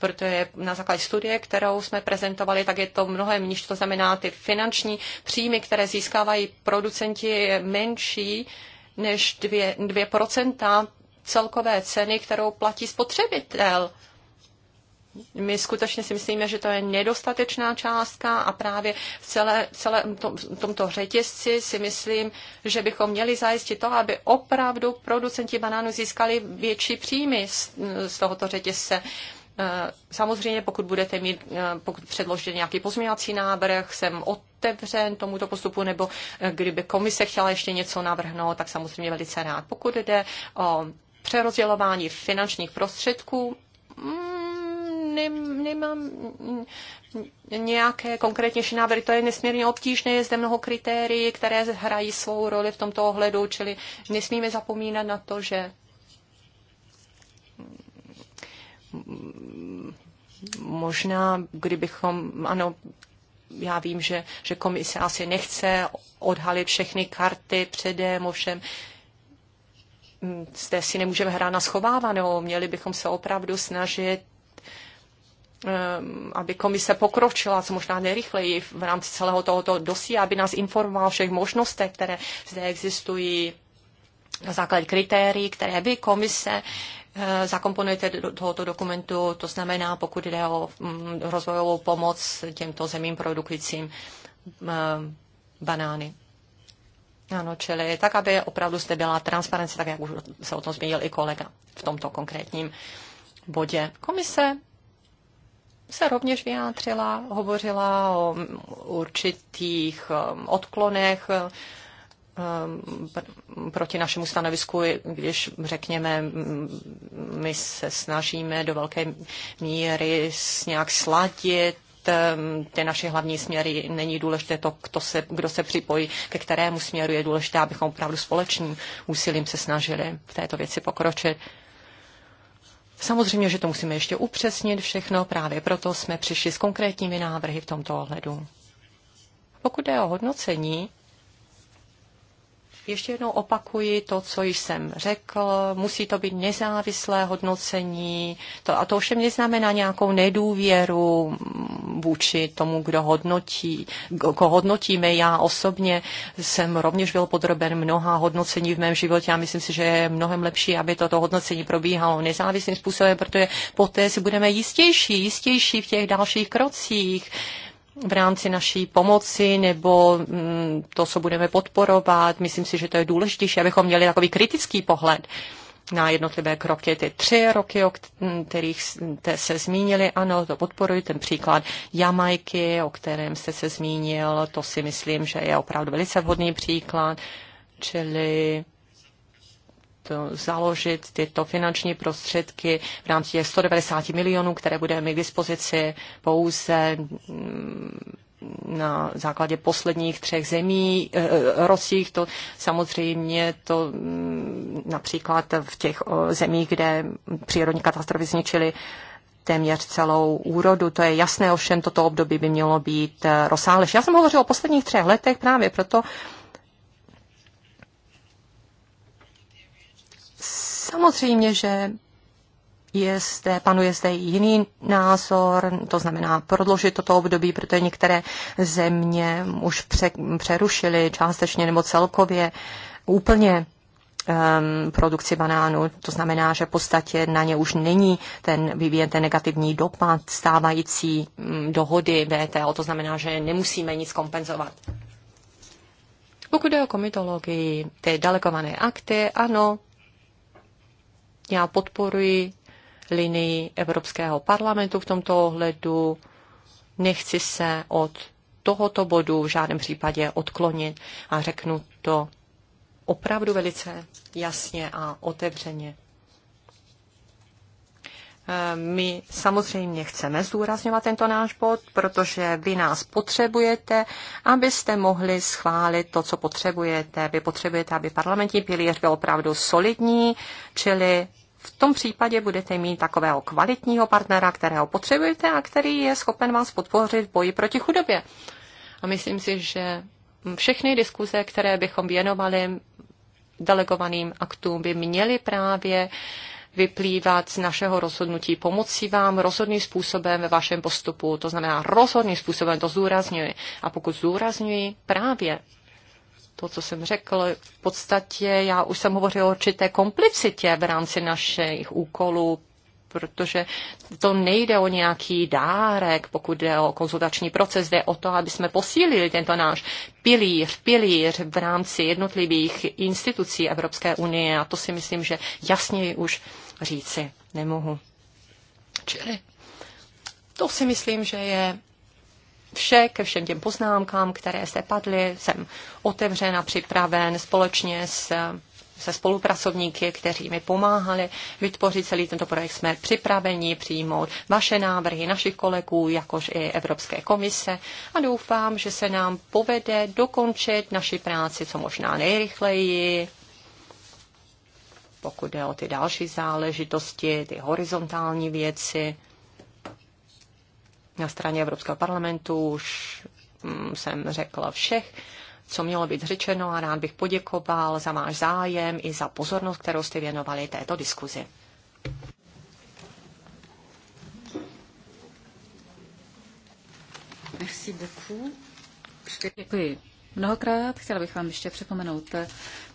protože na základě studie, kterou jsme prezentovali, tak je to mnohem níž, to znamená ty finanční příjmy, které získávají producenti, je menší než 2, 2% celkové ceny, kterou platí spotřebitel. My skutečně si myslíme, že to je nedostatečná částka a právě v celé, tom, tomto řetězci si myslím, že bychom měli zajistit to, aby opravdu producenti banánů získali větší příjmy z, z tohoto řetězce. Uh, Eh, samozřejmě, pokud budete mít, eh, pokud předložíte nějaký pozměňovací návrh, jsem otevřen tomuto postupu, nebo eh, kdyby komise chtěla ještě něco navrhnout, tak samozřejmě velice rád. Pokud jde o přerozdělování finančních prostředků, mm, nemám nějaké konkrétnější návrhy. To je nesmírně obtížné, je zde mnoho kritérií, které hrají svou roli v tomto ohledu, čili nesmíme zapomínat na to, že možná, kdybychom, ano, já vím, že, že komise asi nechce odhalit všechny karty předem, ovšem mm, zde si nemůžeme hrát na schovávanou. Měli bychom se opravdu snažit ehm, aby komise pokročila, co možná nejrychleji v rámci celého tohoto dosí, aby nás informoval o všech možnostech, které zde existují na základě kritérií, které by komise Eh, zakomponujete do tohoto dokumentu, to znamená, pokud jde o mm, rozvojovou pomoc těmto zemím produkujícím eh, banány. Ano, čili tak, aby opravdu zde byla transparence, tak jak už se o tom zmínil i kolega v tomto konkrétním bodě. Komise se rovněž vyjádřila, hovořila o mm, určitých eh, odklonech Um, proti našemu stanovisku, když řekněme, my se snažíme do velké míry nějak sladit um, ty naše hlavní směry. Není důležité to, kdo se, kdo se připojí, ke kterému směru je důležité, abychom opravdu společným úsilím se snažili v této věci pokročit. Samozřejmě, že to musíme ještě upřesnit všechno, právě proto jsme přišli s konkrétními návrhy v tomto ohledu. Pokud jde o hodnocení, ještě jednou opakuji to, co jsem řekl. Musí to být nezávislé hodnocení. To, a to ovšem neznamená nějakou nedůvěru vůči tomu, kdo hodnotí, koho hodnotíme. Já osobně jsem rovněž byl podroben mnoha hodnocení v mém životě a myslím si, že je mnohem lepší, aby toto hodnocení probíhalo nezávislým způsobem, protože poté si budeme jistější, jistější v těch dalších krocích v rámci naší pomoci nebo mm, to, co budeme podporovat. Myslím si, že to je důležitější, abychom měli takový kritický pohled na jednotlivé kroky. Ty tři roky, o kterých jste se zmínili, ano, to podporuji, ten příklad Jamajky, o kterém jste se zmínil, to si myslím, že je opravdu velice vhodný příklad, čili založit tyto finanční prostředky v rámci 190 milionů, které budeme mít k dispozici pouze mm, na základě posledních třech zemí eh, eh, Rosích, To samozřejmě to mm, například v těch zemích, kde přírodní katastrofy zničily téměř celou úrodu. To je jasné, ovšem toto období by mělo být eh, rozsáhlejší. Já jsem hovořil o posledních třech letech právě proto, Samozřejmě, že je zde, panuje zde i jiný názor, to znamená prodloužit toto období, protože některé země už pře, přerušily částečně nebo celkově úplně um, produkci banánu. To znamená, že v podstatě na ně už není ten vyvíjen ten negativní dopad stávající um, dohody VTO. To znamená, že nemusíme nic kompenzovat. Pokud jde o komitologii, ty dalekované akty, ano, já podporuji linii Evropského parlamentu v tomto ohledu. Nechci se od tohoto bodu v žádném případě odklonit a řeknu to opravdu velice jasně a otevřeně. Eh, my samozřejmě chceme zdůrazňovat tento náš bod, protože vy nás potřebujete, abyste mohli schválit to, co potřebujete. Vy potřebujete, aby parlamentní pilíř byl opravdu solidní, čili v tom případě budete mít takového kvalitního partnera, kterého potřebujete a který je schopen vás podpořit v boji proti chudobě. A myslím si, že všechny diskuze, které bychom věnovali delegovaným aktům, by měly právě uh, vyplývat z našeho rozhodnutí pomoci vám rozhodným způsobem ve vašem postupu. To znamená rozhodným způsobem, to zdůrazňuji. A pokud zdůrazňuji právě to, co jsem řekl, v podstatě já už jsem hovořil o určité komplicitě v rámci našich úkolů protože to nejde o nějaký dárek, pokud jde o konzultační proces, jde o to, aby jsme posílili tento náš pilíř, pilíř v rámci jednotlivých institucí Evropské unie a to si myslím, že jasněji už říci nemohu. Čili to si myslím, že je vše, ke všem těm poznámkám, které se padly, jsem otevřen a připraven společně s se spolupracovníky, kteří mi pomáhali vytvořit celý tento projekt. Jsme připraveni přijmout vaše návrhy našich kolegů, jakož i Evropské komise a doufám, že se nám povede dokončit naši práci co možná nejrychleji pokud jde o ty další záležitosti, ty horizontální věci. Na straně Evropského parlamentu už mm, jsem řekla všech co mělo být řečeno a rád bych poděkoval za váš zájem i za pozornost, kterou jste věnovali této diskuzi. Merci beaucoup. Děkuji. Mnohokrát chtěla bych vám ještě připomenout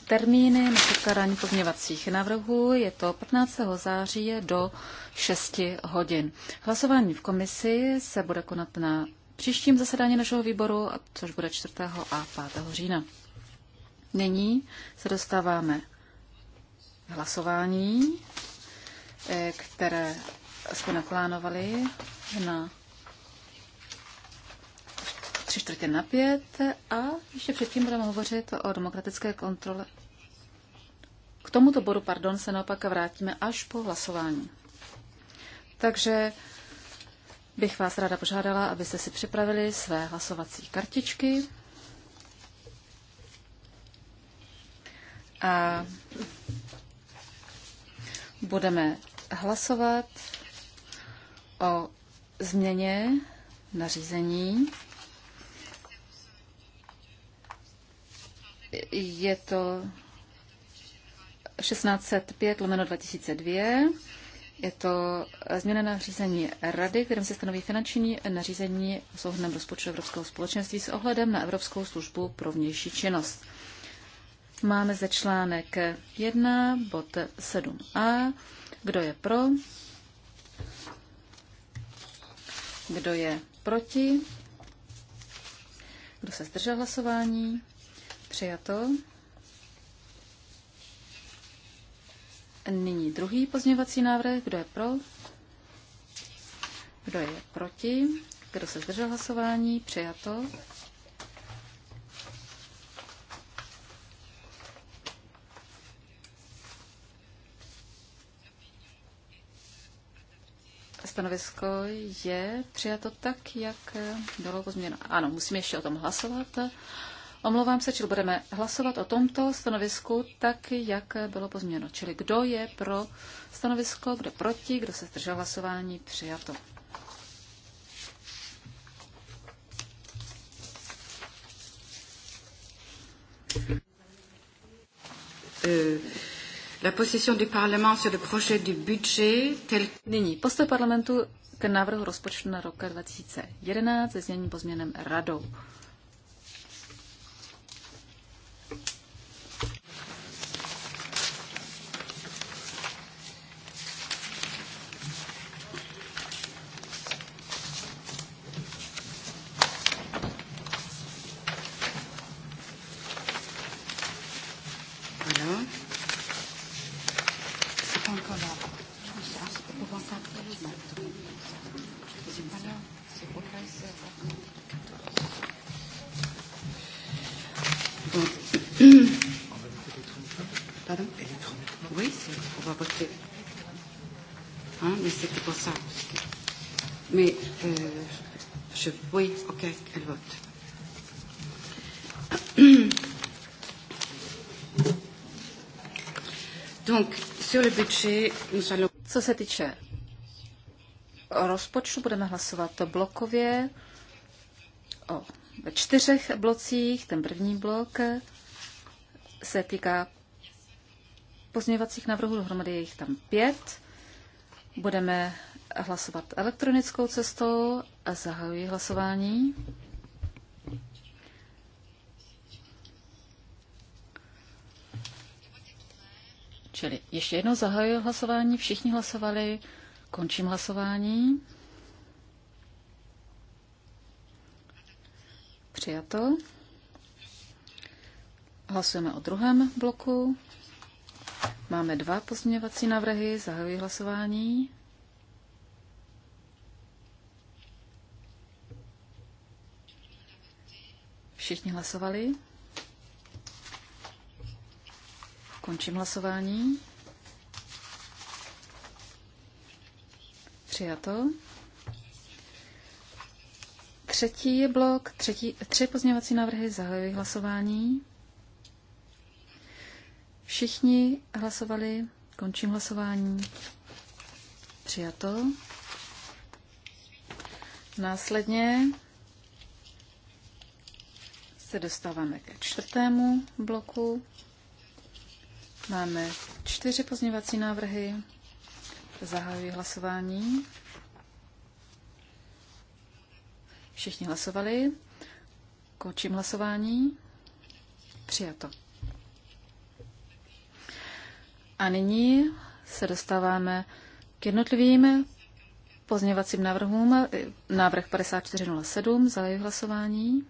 termíny na předkládání pozměvacích návrhů. Je to 15. září do 6 hodin. Hlasování v komisi se bude konat na příštím zasedání našeho výboru, což bude 4. a 5. října. Nyní se dostáváme k hlasování, eh, které jsme naplánovali na tři čtvrtě na pět a ještě předtím budeme hovořit o demokratické kontrole. K tomuto bodu, pardon, se naopak vrátíme až po hlasování. Takže bych vás ráda požádala, abyste si připravili své hlasovací kartičky. A budeme hlasovat o změně nařízení. Je to 1605 lomeno 2002 je to změna nařízení Rady, kterým se stanoví finanční nařízení o souhrném rozpočtu Evropského společenství s ohledem na Evropskou službu pro vnější činnost. Máme zde článek 1, bod 7a. Kdo je pro? Kdo je proti? Kdo se zdržel hlasování? Přijato. Nyní druhý pozměňovací návrh. Kdo je pro? Kdo je proti? Kdo se zdržel hlasování? Přijato. Stanovisko je přijato tak, jak bylo pozměněno. Ano, musíme ještě o tom hlasovat. Omlouvám se, čili budeme hlasovat o tomto stanovisku tak, jak bylo pozměněno. Čili kdo je pro stanovisko, kdo proti, kdo se zdržel hlasování, přijato. Euh, la position du Parlement sur le projet du budget tel... Nyní postoj parlamentu k návrhu rozpočtu na rok 2011 ze změním pozměnem radou. Co se týče rozpočtu, budeme hlasovat blokově o ve čtyřech blocích. Ten první blok se týká pozměňovacích návrhů, dohromady je jich tam pět. Budeme hlasovat elektronickou cestou a zahajuji hlasování. Čili ještě jednou zahajuji hlasování, všichni hlasovali, končím hlasování. Přijato. Hlasujeme o druhém bloku. Máme dva pozměňovací návrhy, zahajuji hlasování. Všichni hlasovali? Končím hlasování. Přijato. Třetí je blok, třetí, tři pozměňovací návrhy, zahajuji hlasování. Všichni hlasovali, končím hlasování. Přijato. Následně se dostáváme ke čtvrtému bloku. Máme čtyři pozměňovací návrhy. Zahajuji hlasování. Všichni hlasovali. Končím hlasování. Přijato. A nyní se dostáváme k jednotlivým pozměňovacím návrhům. Návrh 5407, zahajuji hlasování.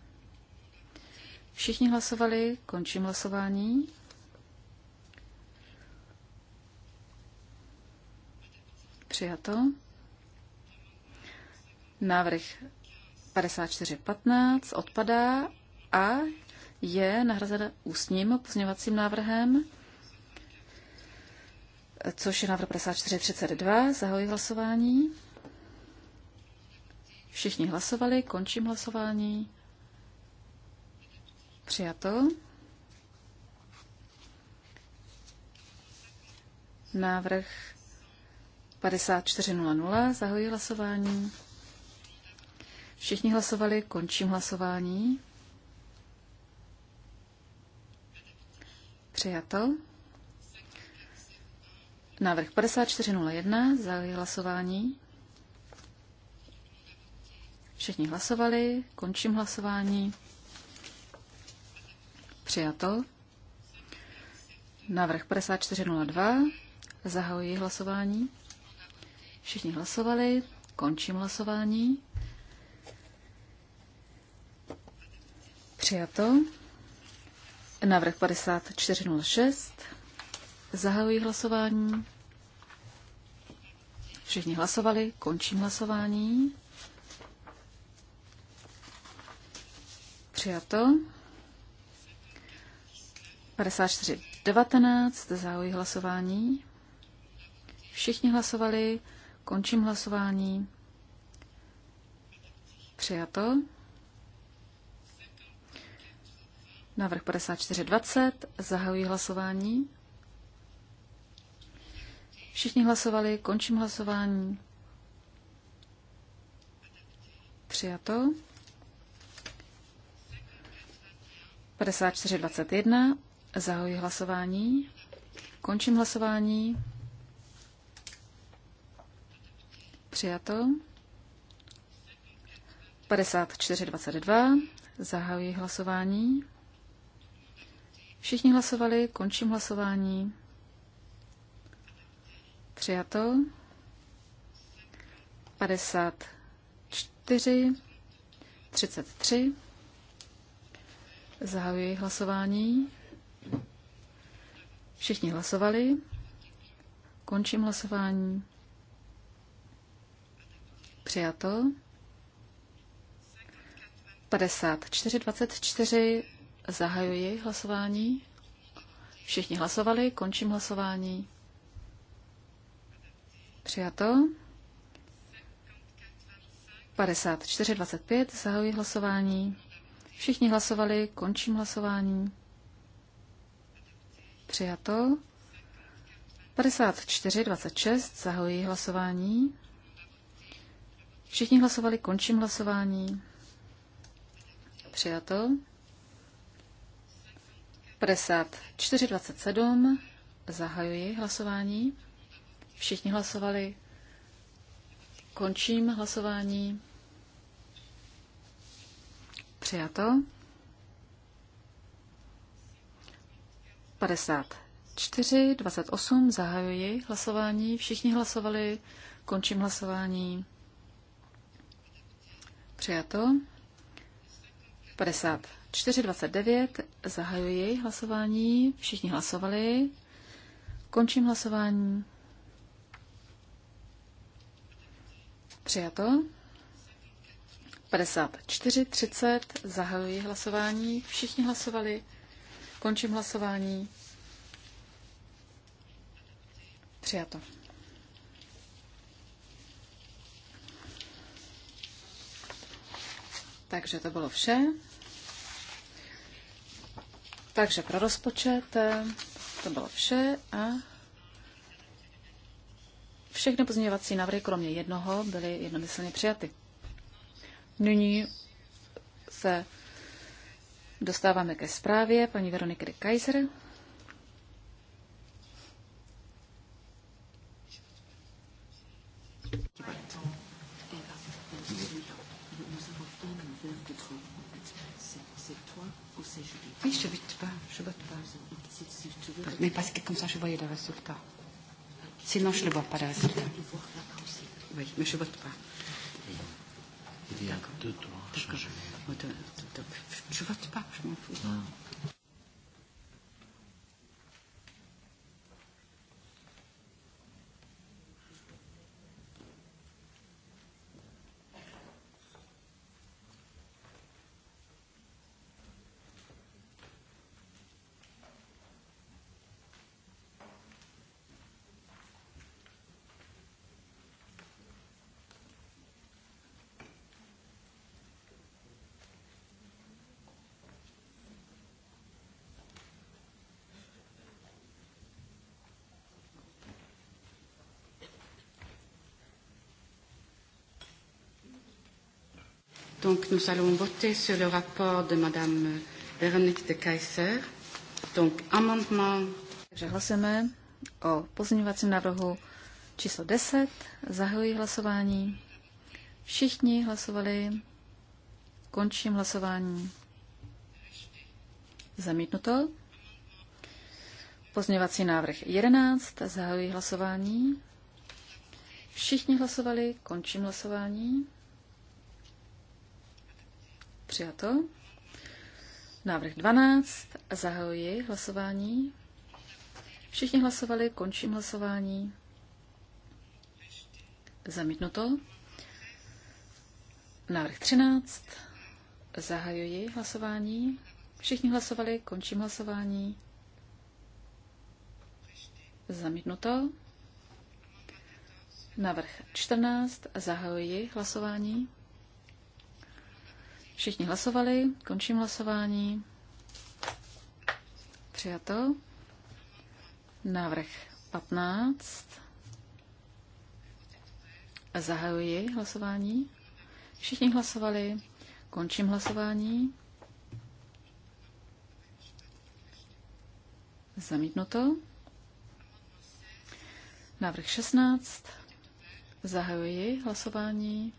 Všichni hlasovali, končím hlasování. Přijato. Návrh 5415 odpadá a je nahrazen ústním pozměňovacím návrhem, což je návrh 5432. Zahoji hlasování. Všichni hlasovali, končím hlasování. Přijato. Návrh 54.00. Zahoji hlasování. Všichni hlasovali, končím hlasování. Přijato. Návrh 54.01. Zahoji hlasování. Všichni hlasovali, končím hlasování. Přijato. Návrh 5402. Zahajuji hlasování. Všichni hlasovali, končím hlasování. Přijato. Návrh 5406. Zahajuji hlasování. Všichni hlasovali, končím hlasování. Přijato. 5419. Zahajuji hlasování. Všichni hlasovali, Končím hlasování. Přijato. Návrh 5420. Zahajuji hlasování. Všichni hlasovali. Končím hlasování. Přijato. 5421. Zahajuji hlasování. Končím hlasování. Přijato. 54.22. Zahajuji hlasování. Všichni hlasovali, končím hlasování. Přijato. 54. 33. Zahajuji hlasování. Všichni hlasovali. Končím hlasování. Přijato. 54-24. Zahajuji hlasování. Všichni hlasovali, končím hlasování. Přijato. 54-25. Zahajuji hlasování. Všichni hlasovali, končím hlasování. Přijato. 54-26. Zahajuji hlasování. Všichni hlasovali, končím hlasování. Přijato. 54.27. Zahajuji hlasování. Všichni hlasovali. Končím hlasování. Přijato. 54, 28, zahajuji hlasování, všichni hlasovali, končím hlasování. Přijato. 54.29. Zahajuji hlasování. Všichni hlasovali. Končím hlasování. Přijato. 54.30. Zahajuji hlasování. Všichni hlasovali. Končím hlasování. Přijato. Takže to bylo vše. Takže pro rozpočet eh, to bylo vše a všechny pozměňovací návrhy, kromě jednoho, byly jednomyslně přijaty. Nyní se dostáváme ke zprávě paní Veroniky de Kaiser. Oui, je vote pas. Je vote pas. Mais parce que comme ça, je voyais le résultat. Sinon, je ne vois pas le résultat. Oui, mais je ne vote pas. Il y a deux, trois Je ne vote pas, je m'en fous. Non. Ah. Donc nous allons voter sur le rapport de Madame Véronique de Kaiser. Donc amendement. Takže hlasujeme o pozměňovacím návrhu číslo 10. Zahajuji hlasování. Všichni hlasovali. Končím hlasování. Zamítnuto. Pozměňovací návrh 11. Zahajuji hlasování. Všichni hlasovali. Končím hlasování. Přijato. Návrh 12. Zahajuji hlasování. Všichni hlasovali, končím hlasování. Zamítnuto. Návrh 13. Zahajuji hlasování. Všichni hlasovali, končím hlasování. Zamítnuto. Návrh 14. Zahajuji hlasování. Všichni hlasovali, končím hlasování. Přijato. Návrh 15. Zahajuji hlasování. Všichni hlasovali, končím hlasování. Zamítnuto. Návrh 16. Zahajuji hlasování.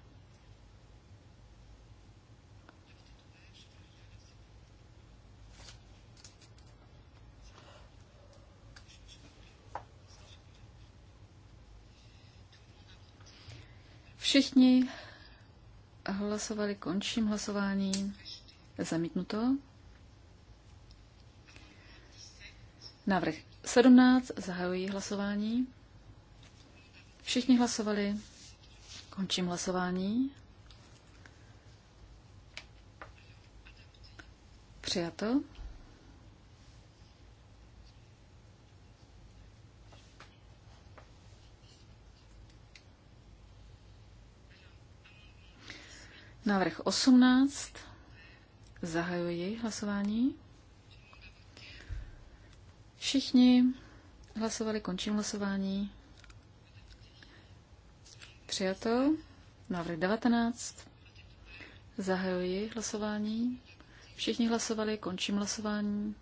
Všichni hlasovali, končím hlasování. Zamítnuto. Návrh 17, zahajuji hlasování. Všichni hlasovali, končím hlasování. Přijato. Návrh 18. Zahajuji hlasování. Všichni hlasovali, končím hlasování. Přijato. Návrh 19. Zahajuji hlasování. Všichni hlasovali, končím hlasování.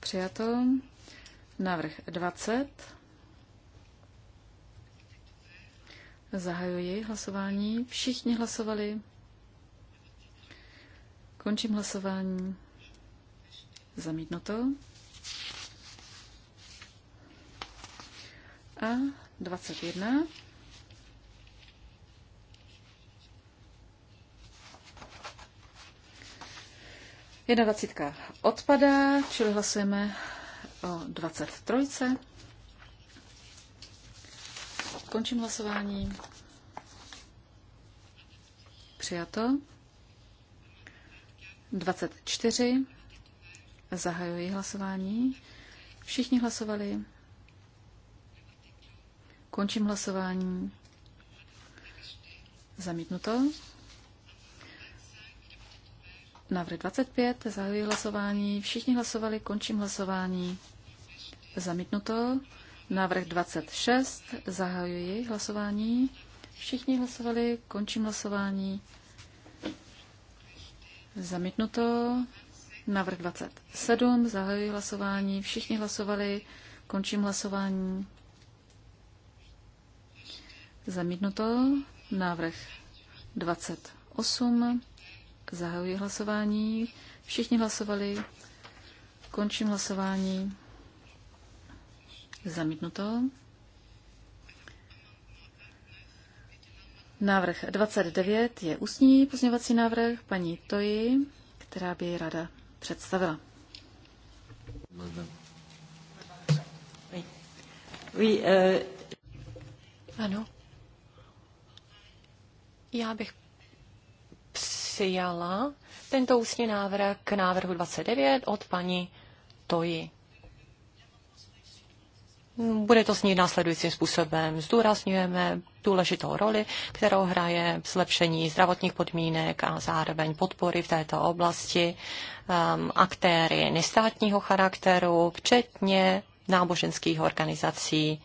Přijato. Návrh 20. Zahajuji hlasování. Všichni hlasovali. Končím hlasování. Zamítnuto. A 21. Jedna dvacítka odpadá, čili hlasujeme o 23. Končím hlasování. Přijato. 24. Zahajuji hlasování. Všichni hlasovali. Končím hlasování. Zamítnuto. Návrh 25. Zahajuji hlasování. Všichni hlasovali. Končím hlasování. Zamítnuto. Návrh 26. Zahajuji hlasování. Všichni hlasovali, končím hlasování. Zamítnuto. Návrh 27. Zahajuji hlasování. Všichni hlasovali, končím hlasování. Zamítnuto. Návrh 28. Zahajuji hlasování. Všichni hlasovali. Končím hlasování. Zamítnuto. Návrh 29 je ústní pozměňovací návrh paní Toji, která by ji rada představila. Euh, ano. Já bych přijala tento ústní návrh k návrhu 29 od paní Toji. Bude to znít následujícím způsobem. Zdůrazňujeme důležitou roli, kterou hraje zlepšení zdravotních podmínek a zároveň podpory v této oblasti um, aktéry nestátního charakteru, včetně náboženských organizací,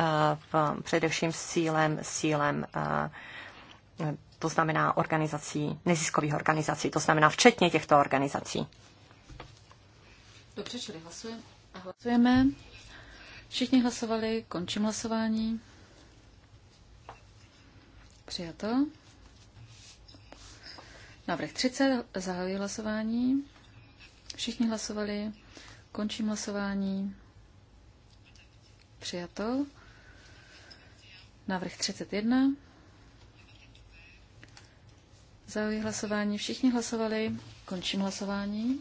uh, v, především s cílem, cílem uh, to znamená organizací, neziskových organizací, to znamená včetně těchto organizací. Dobře, čili hlasujeme. Hlasujeme. Všichni hlasovali, končím hlasování. Přijato. Návrh 30, zahajuji hlasování. Všichni hlasovali, končím hlasování. Přijato. Návrh 31. Zahajuji hlasování, všichni hlasovali, končím hlasování.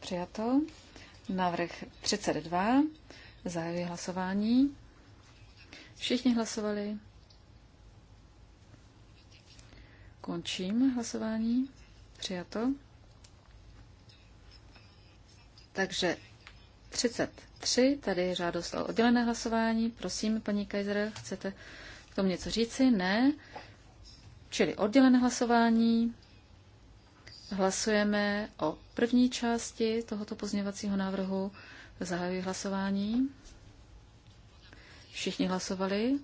Přijato. Návrh 32. Zahajuji hlasování. Všichni hlasovali. Končím hlasování. Přijato. Takže 33, tady je žádost o oddělené hlasování. Prosím, paní Kaiser, chcete k tomu něco říci? Ne. Čili oddělené hlasování. Hlasujeme o první části tohoto pozměňovacího návrhu zahajuji hlasování. Všichni hlasovali.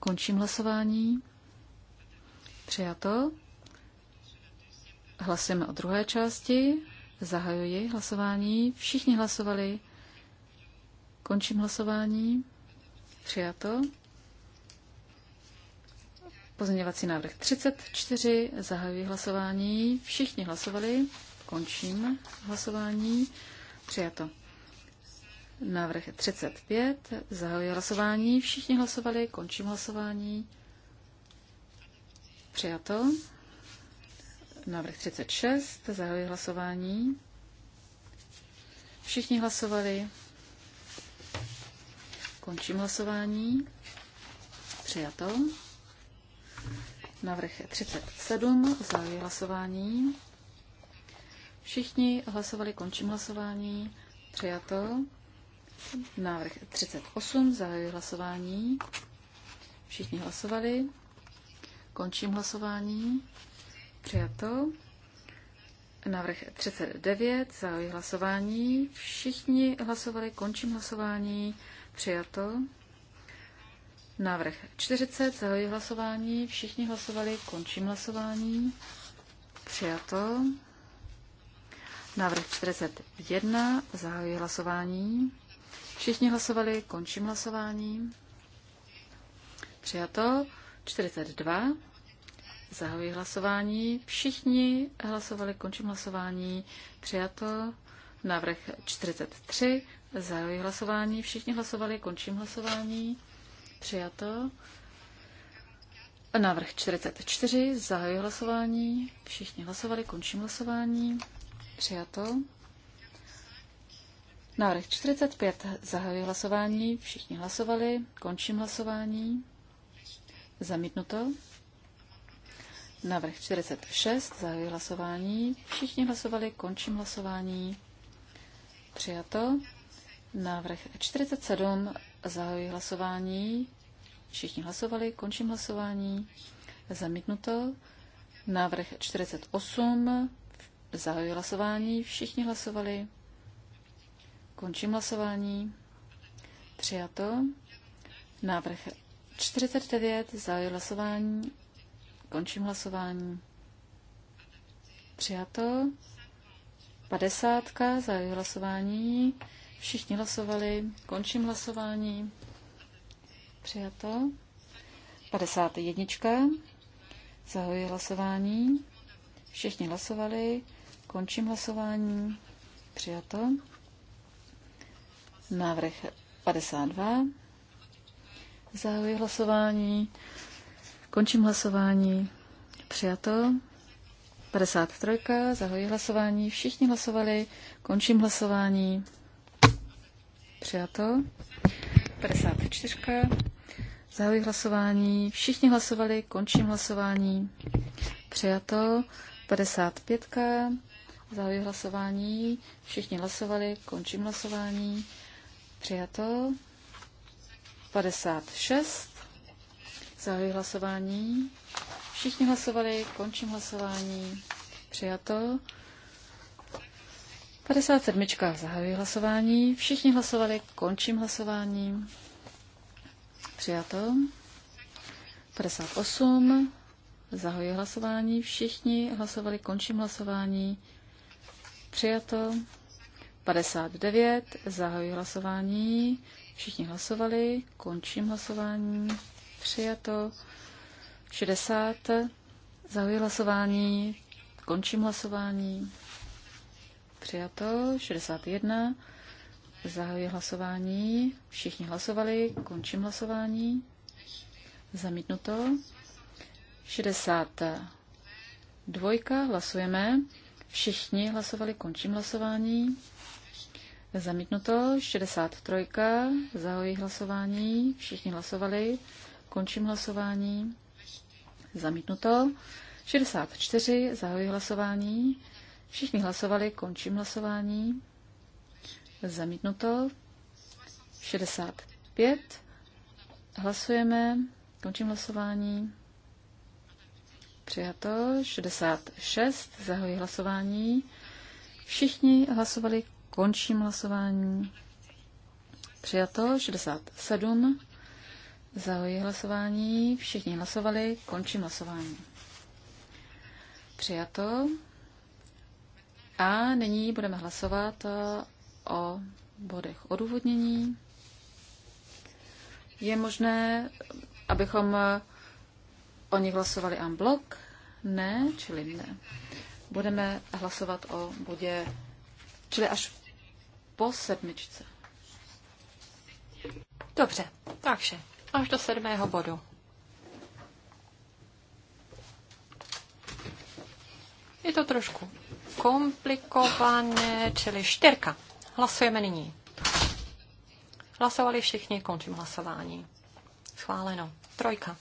Končím hlasování. Přijato. Hlasujeme o druhé části. Zahajuji hlasování. Všichni hlasovali. Končím hlasování. Přijato. Pozměňovací návrh 34. Zahajuji hlasování. Všichni hlasovali. Končím hlasování. Přijato. Návrh 35. Zahajuji hlasování. Všichni hlasovali. Končím hlasování. Přijato. Návrh 36. Zahajuji hlasování. Všichni hlasovali. Končím hlasování. Přijato. Návrh 37. Zahajuji hlasování. Všichni hlasovali, končím hlasování. Přijato. Návrh 38, zahajuji hlasování. Všichni hlasovali. Končím hlasování. Přijato. Návrh 39, zahajuji hlasování. Všichni hlasovali, končím hlasování. Přijato. Návrh 40, zahajuji hlasování. Všichni hlasovali, končím hlasování. Přijato. Návrh 41. Zahajuji hlasování. Všichni hlasovali, končím hlasování. Přijato. 42. Zahajuji hlasování. Všichni hlasovali, končím hlasování. Přijato. Návrh 43. Zahajuji hlasování. Všichni hlasovali, končím hlasování. Přijato. Návrh 44. Zahajuji hlasování. Všichni hlasovali, končím hlasování. Přijato. Návrh 45. Zahajuji hlasování. Všichni hlasovali. Končím hlasování. Zamítnuto. Návrh 46. Zahajuji hlasování. Všichni hlasovali. Končím hlasování. Přijato. Návrh 47. Zahajuji hlasování. Všichni hlasovali. Končím hlasování. Zamítnuto. Návrh 48. Zahajuji hlasování. Všichni hlasovali. Končím hlasování. Přijato. Návrh 49. Zahajuji hlasování. Končím hlasování. Přijato. 50. Zahajuji hlasování. Všichni hlasovali. Končím hlasování. Přijato. 51. Zahajuji hlasování. Všichni hlasovali. Končím hlasování. Přijato. Návrh 52. Zahajuji hlasování. Končím hlasování. Přijato. 53. Zahajuji hlasování. Všichni hlasovali. Končím hlasování. Přijato. 54. Zahajuji hlasování. Všichni hlasovali. Končím hlasování. Přijato. 55. Zahajuji hlasování. Všichni hlasovali. Končím hlasování. Přijato. 56. Zahajuji hlasování. Všichni hlasovali. Končím hlasování. Přijato. 57. Zahajuji hlasování. Všichni hlasovali. Končím hlasování. Přijato. 58. Zahajuji hlasování. Všichni hlasovali. Končím hlasování. Přijato. 59. Zahajuji hlasování. Všichni hlasovali. Končím hlasování. Přijato. 60. Zahajuji hlasování. Končím hlasování. Přijato. 61. Zahajuji hlasování. Všichni hlasovali. Končím hlasování. Zamítnuto. 62. Hlasujeme. Všichni hlasovali, končím hlasování. Zamítnuto, 63. Zahojí hlasování. Všichni hlasovali, končím hlasování. Zamítnuto, 64. Zahojí hlasování. Všichni hlasovali, končím hlasování. Zamítnuto, 65. Hlasujeme, končím hlasování. Přijato 66. zahojí hlasování. Všichni hlasovali. Končím hlasování. Přijato 67. zahojí hlasování. Všichni hlasovali. Končím hlasování. Přijato. A nyní budeme hlasovat eh, o bodech odůvodnění. Je možné, abychom eh, o nich hlasovali en bloc? Ne, čili ne. Budeme hlasovat o bodě, čili až po sedmičce. Dobře, takže až do sedmého bodu. Je to trošku komplikované, čili čtyřka. Hlasujeme nyní. Hlasovali všichni, končím hlasování. Schváleno. Trojka.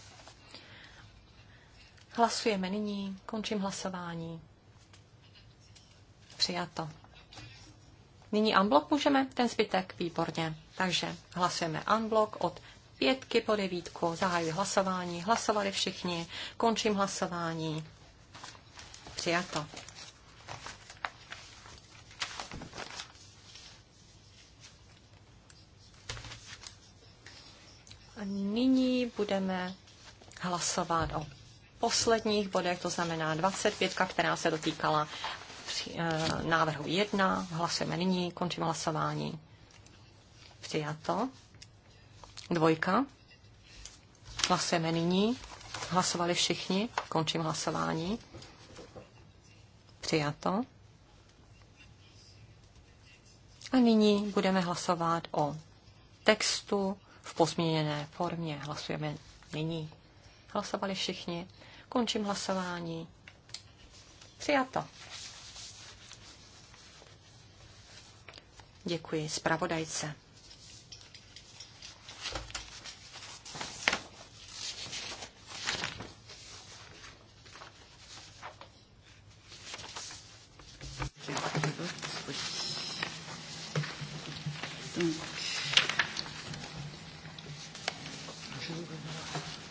Hlasujeme nyní, končím hlasování. Přijato. Nyní unblock můžeme, ten zbytek, výborně. Takže hlasujeme unblock od pětky po devítku, zahajuji hlasování, hlasovali všichni, končím hlasování. Přijato. A nyní budeme hlasovat o posledních bodech, to znamená 25, která se dotýkala při, e, návrhu 1. Hlasujeme nyní, končím hlasování. Přijato. Dvojka. Hlasujeme nyní. Hlasovali všichni. Končím hlasování. Přijato. A nyní budeme hlasovat o textu v pozměněné formě. Hlasujeme nyní. Hlasovali všichni. Končím hlasování. Přijato. Děkuji zpravodajce.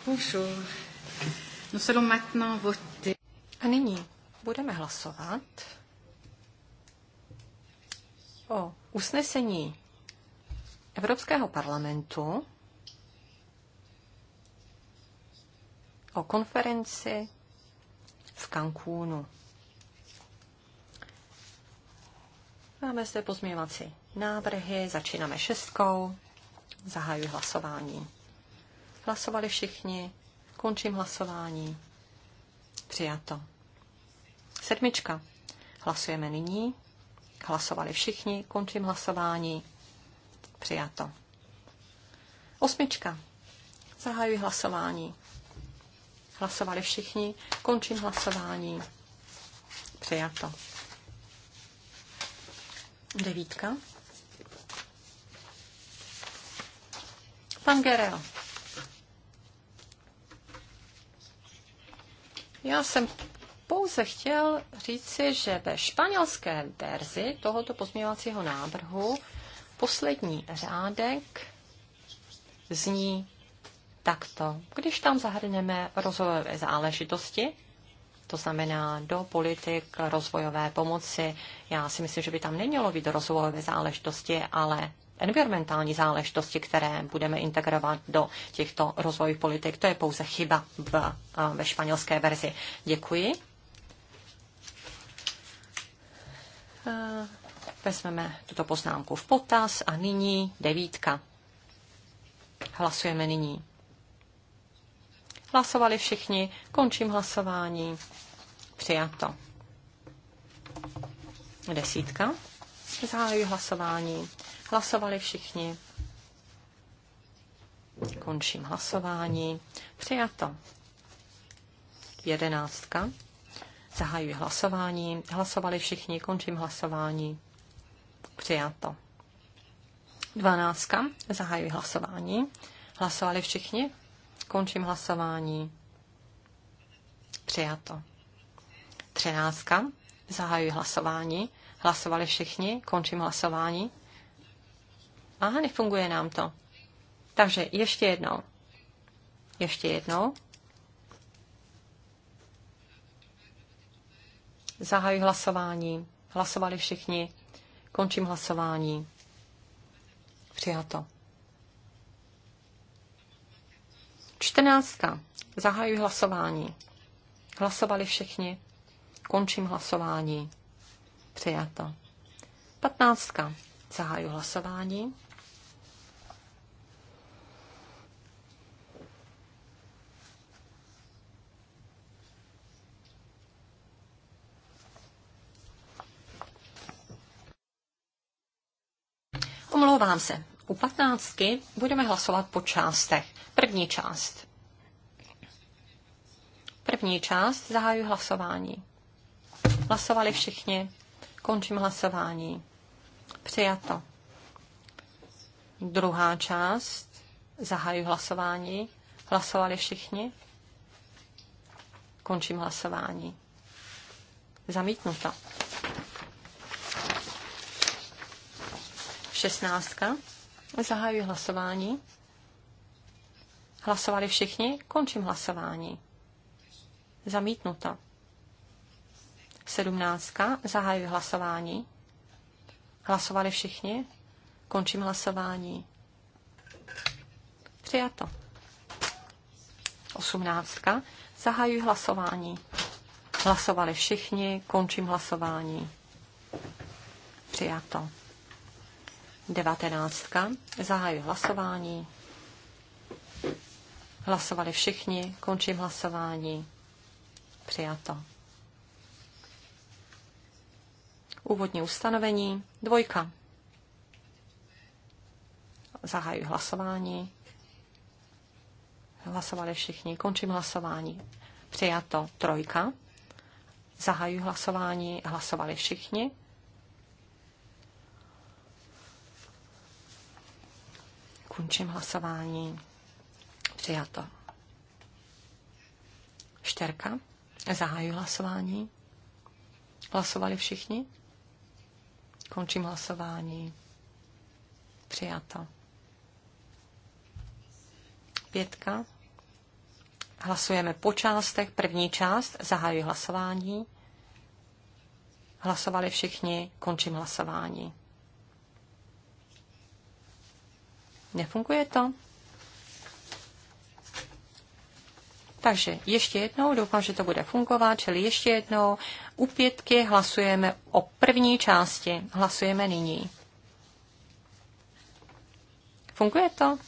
Bonjour. A nyní budeme hlasovat o usnesení Evropského parlamentu o konferenci v Cancúnu. Máme zde pozměňovací návrhy, začínáme šestkou, zahajuji hlasování. Hlasovali všichni, Končím hlasování. Přijato. Sedmička. Hlasujeme nyní. Hlasovali všichni. Končím hlasování. Přijato. Osmička. Zahajuji hlasování. Hlasovali všichni. Končím hlasování. Přijato. Devítka. Pan Gerel. Já jsem pouze chtěl říci, že ve španělské verzi tohoto pozměňovacího návrhu poslední řádek zní takto. Když tam zahrneme rozvojové záležitosti, to znamená do politik rozvojové pomoci. Já si myslím, že by tam nemělo být rozvojové záležitosti, ale environmentální záležitosti, které budeme integrovat do těchto rozvojových politik. To je pouze chyba v, ve španělské verzi. Děkuji. Vezmeme tuto poznámku v potaz a nyní devítka. Hlasujeme nyní. Hlasovali všichni, končím hlasování. Přijato. Desítka. Zahajuji hlasování. Hlasovali všichni. Končím hlasování. Přijato. Jedenáctka. Zahajuji hlasování. Hlasovali všichni. Končím hlasování. Přijato. Dvanáctka. Zahajuji hlasování. Hlasovali všichni. Končím hlasování. Přijato. Třináctka. Zahajuji hlasování. Hlasovali všichni. Končím hlasování. Aha, nefunguje nám to. Takže ještě jednou. Ještě jednou. Zahaj hlasování. Hlasovali všichni. Končím hlasování. Přijato. Čtrnáctka. Zahajuji hlasování. Hlasovali všichni. Končím hlasování. Přijato. Patnáctka. Zahajuji hlasování. Omlouvám se. U patnáctky budeme hlasovat po částech. První část. První část zahájí hlasování. Hlasovali všichni. Končím hlasování. Přijato. Druhá část. Zahájí hlasování. Hlasovali všichni. Končím hlasování. Zamítnuto. 16. Zahajuji hlasování. Hlasovali všichni? Končím hlasování. Zamítnuto. 17. Zahajuji hlasování. Hlasovali všichni? Končím hlasování. Přijato. 18. Zahajuji hlasování. Hlasovali všichni, končím hlasování. Přijato. 19. Zahajuji hlasování. Hlasovali všichni. Končím hlasování. Přijato. Úvodní ustanovení. Dvojka. Zahajuji hlasování. Hlasovali všichni. Končím hlasování. Přijato. Trojka. Zahajuji hlasování. Hlasovali všichni. Končím hlasování. Přijato. Šterka. Zaháju hlasování. Hlasovali všichni? Končím hlasování. Přijato. Pětka. Hlasujeme po částech. První část. Zahájuji hlasování. Hlasovali všichni. Končím hlasování. Nefunguje to? Takže ještě jednou, doufám, že to bude fungovat, čili ještě jednou, u pětky hlasujeme o první části, hlasujeme nyní. Funguje to?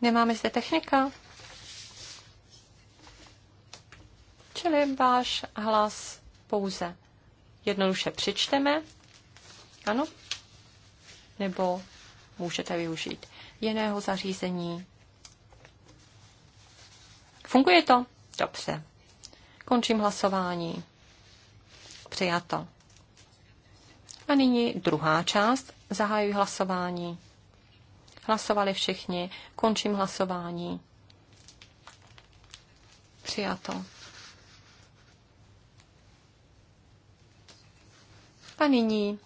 Nemáme zde technika? Čili váš hlas pouze jednoduše přečteme. Ano, nebo můžete využít jiného zařízení. Funguje to? Dobře. Končím hlasování. Přijato. A nyní druhá část. Zahajuji hlasování. Hlasovali všichni. Končím hlasování. Přijato. A nyní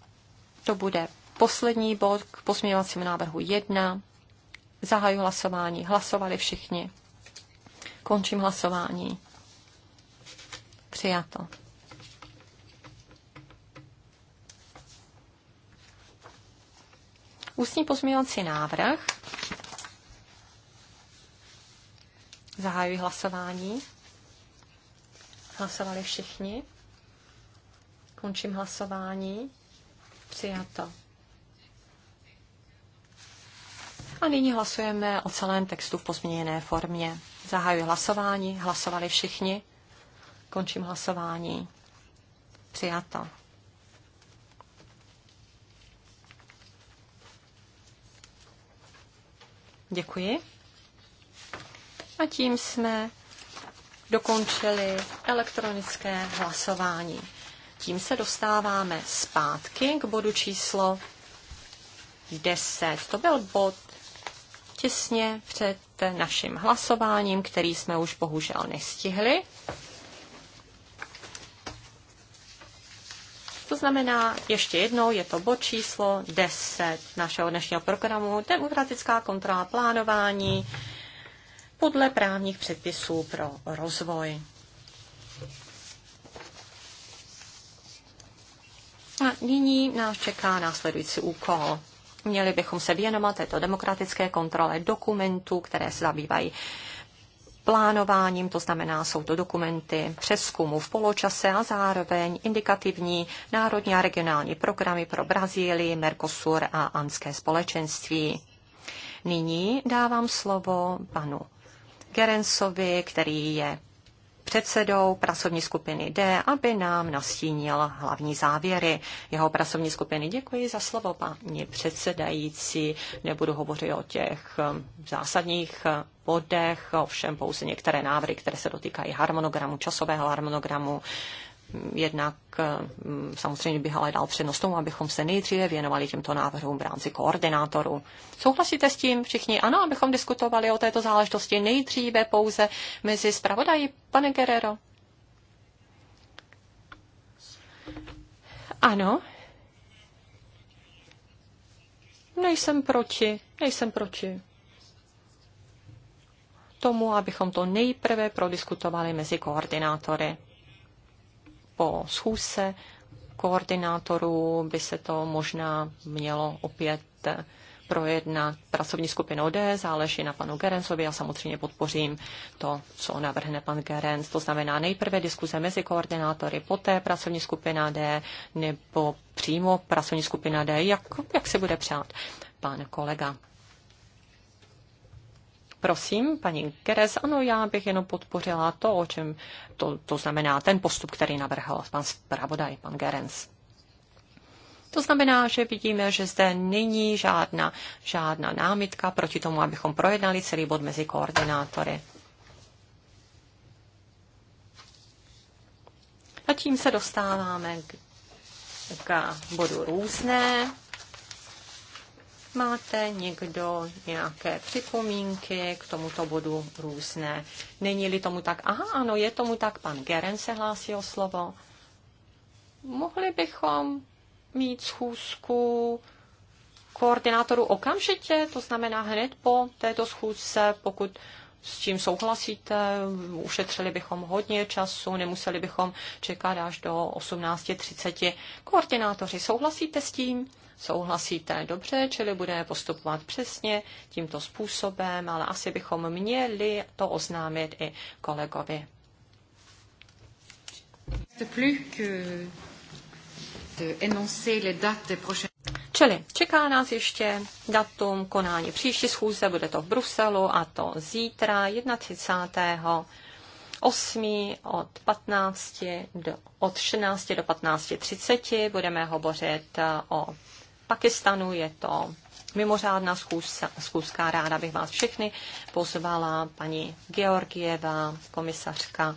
to bude poslední bod k pozměňovacímu návrhu 1. Zahaju hlasování. Hlasovali všichni. Končím hlasování. Přijato. Ústní pozměňovací návrh. Zahajuji hlasování. Hlasovali všichni. Končím hlasování. Přijato. A nyní hlasujeme o celém textu v pozměněné formě. Zahajuji hlasování. Hlasovali všichni. Končím hlasování. Přijato. Děkuji. A tím jsme dokončili elektronické hlasování. Tím se dostáváme zpátky k bodu číslo 10. To byl bod těsně před naším hlasováním, který jsme už bohužel nestihli. To znamená, ještě jednou, je to bod číslo 10 našeho dnešního programu Demokratická kontrola plánování podle právních předpisů pro rozvoj. A nyní nás čeká následující úkol. Měli bychom se věnovat této demokratické kontrole dokumentů, které se zabývají plánováním, to znamená, jsou to dokumenty přeskumu v poločase a zároveň indikativní národní a regionální programy pro Brazílii, Mercosur a Anské společenství. Nyní dávám slovo panu Gerensovi, který je předsedou pracovní skupiny D, aby nám nastínil hlavní závěry jeho pracovní skupiny. Děkuji za slovo, paní předsedající. Nebudu hovořit o těch um, zásadních uh, bodech, ovšem pouze některé návrhy, které se dotýkají harmonogramu, časového harmonogramu, jednak mm, samozřejmě bych ale dal přednost tomu, abychom se nejdříve věnovali těmto návrhům v rámci koordinátorů. Souhlasíte s tím všichni? Ano, abychom diskutovali o této záležitosti nejdříve pouze mezi zpravodají, pane Guerrero. Ano. Nejsem proti, nejsem proti tomu, abychom to nejprve prodiskutovali mezi koordinátory po schůzce koordinátorů by se to možná mělo opět projednat pracovní skupinu D, záleží na panu Gerencovi, já samozřejmě podpořím to, co navrhne pan Gerenc, to znamená nejprve diskuze mezi koordinátory, poté pracovní skupina D, nebo přímo pracovní skupina D, jak, jak se bude přát pan kolega Prosím, paní Keres, ano, já bych jenom podpořila to, o čem to, to znamená ten postup, který navrhl pan zpravodaj, pan Gerens. To znamená, že vidíme, že zde není žádná, žádná námitka proti tomu, abychom projednali celý bod mezi koordinátory. A tím se dostáváme k, k bodu různé. Máte někdo nějaké připomínky k tomuto bodu různé? Není-li tomu tak? Aha, ano, je tomu tak. Pan Geren se hlásí o slovo. Mohli bychom mít schůzku koordinátoru okamžitě, to znamená hned po této schůzce, pokud s čím souhlasíte, ušetřili bychom hodně času, nemuseli bychom čekat až do 18.30. Koordinátoři, souhlasíte s tím? Souhlasíte? Dobře, čili budeme postupovat přesně tímto způsobem, ale asi bychom měli to oznámit i kolegovi. Čili čeká nás ještě datum konání příští schůze, bude to v Bruselu a to zítra 31.8. od 15 do, od 16 do 15.30 budeme hovořit eh, o Pakistanu. Je to mimořádná schůzka, schůzka. Ráda bych vás všechny pozvala, paní Georgieva, komisařka.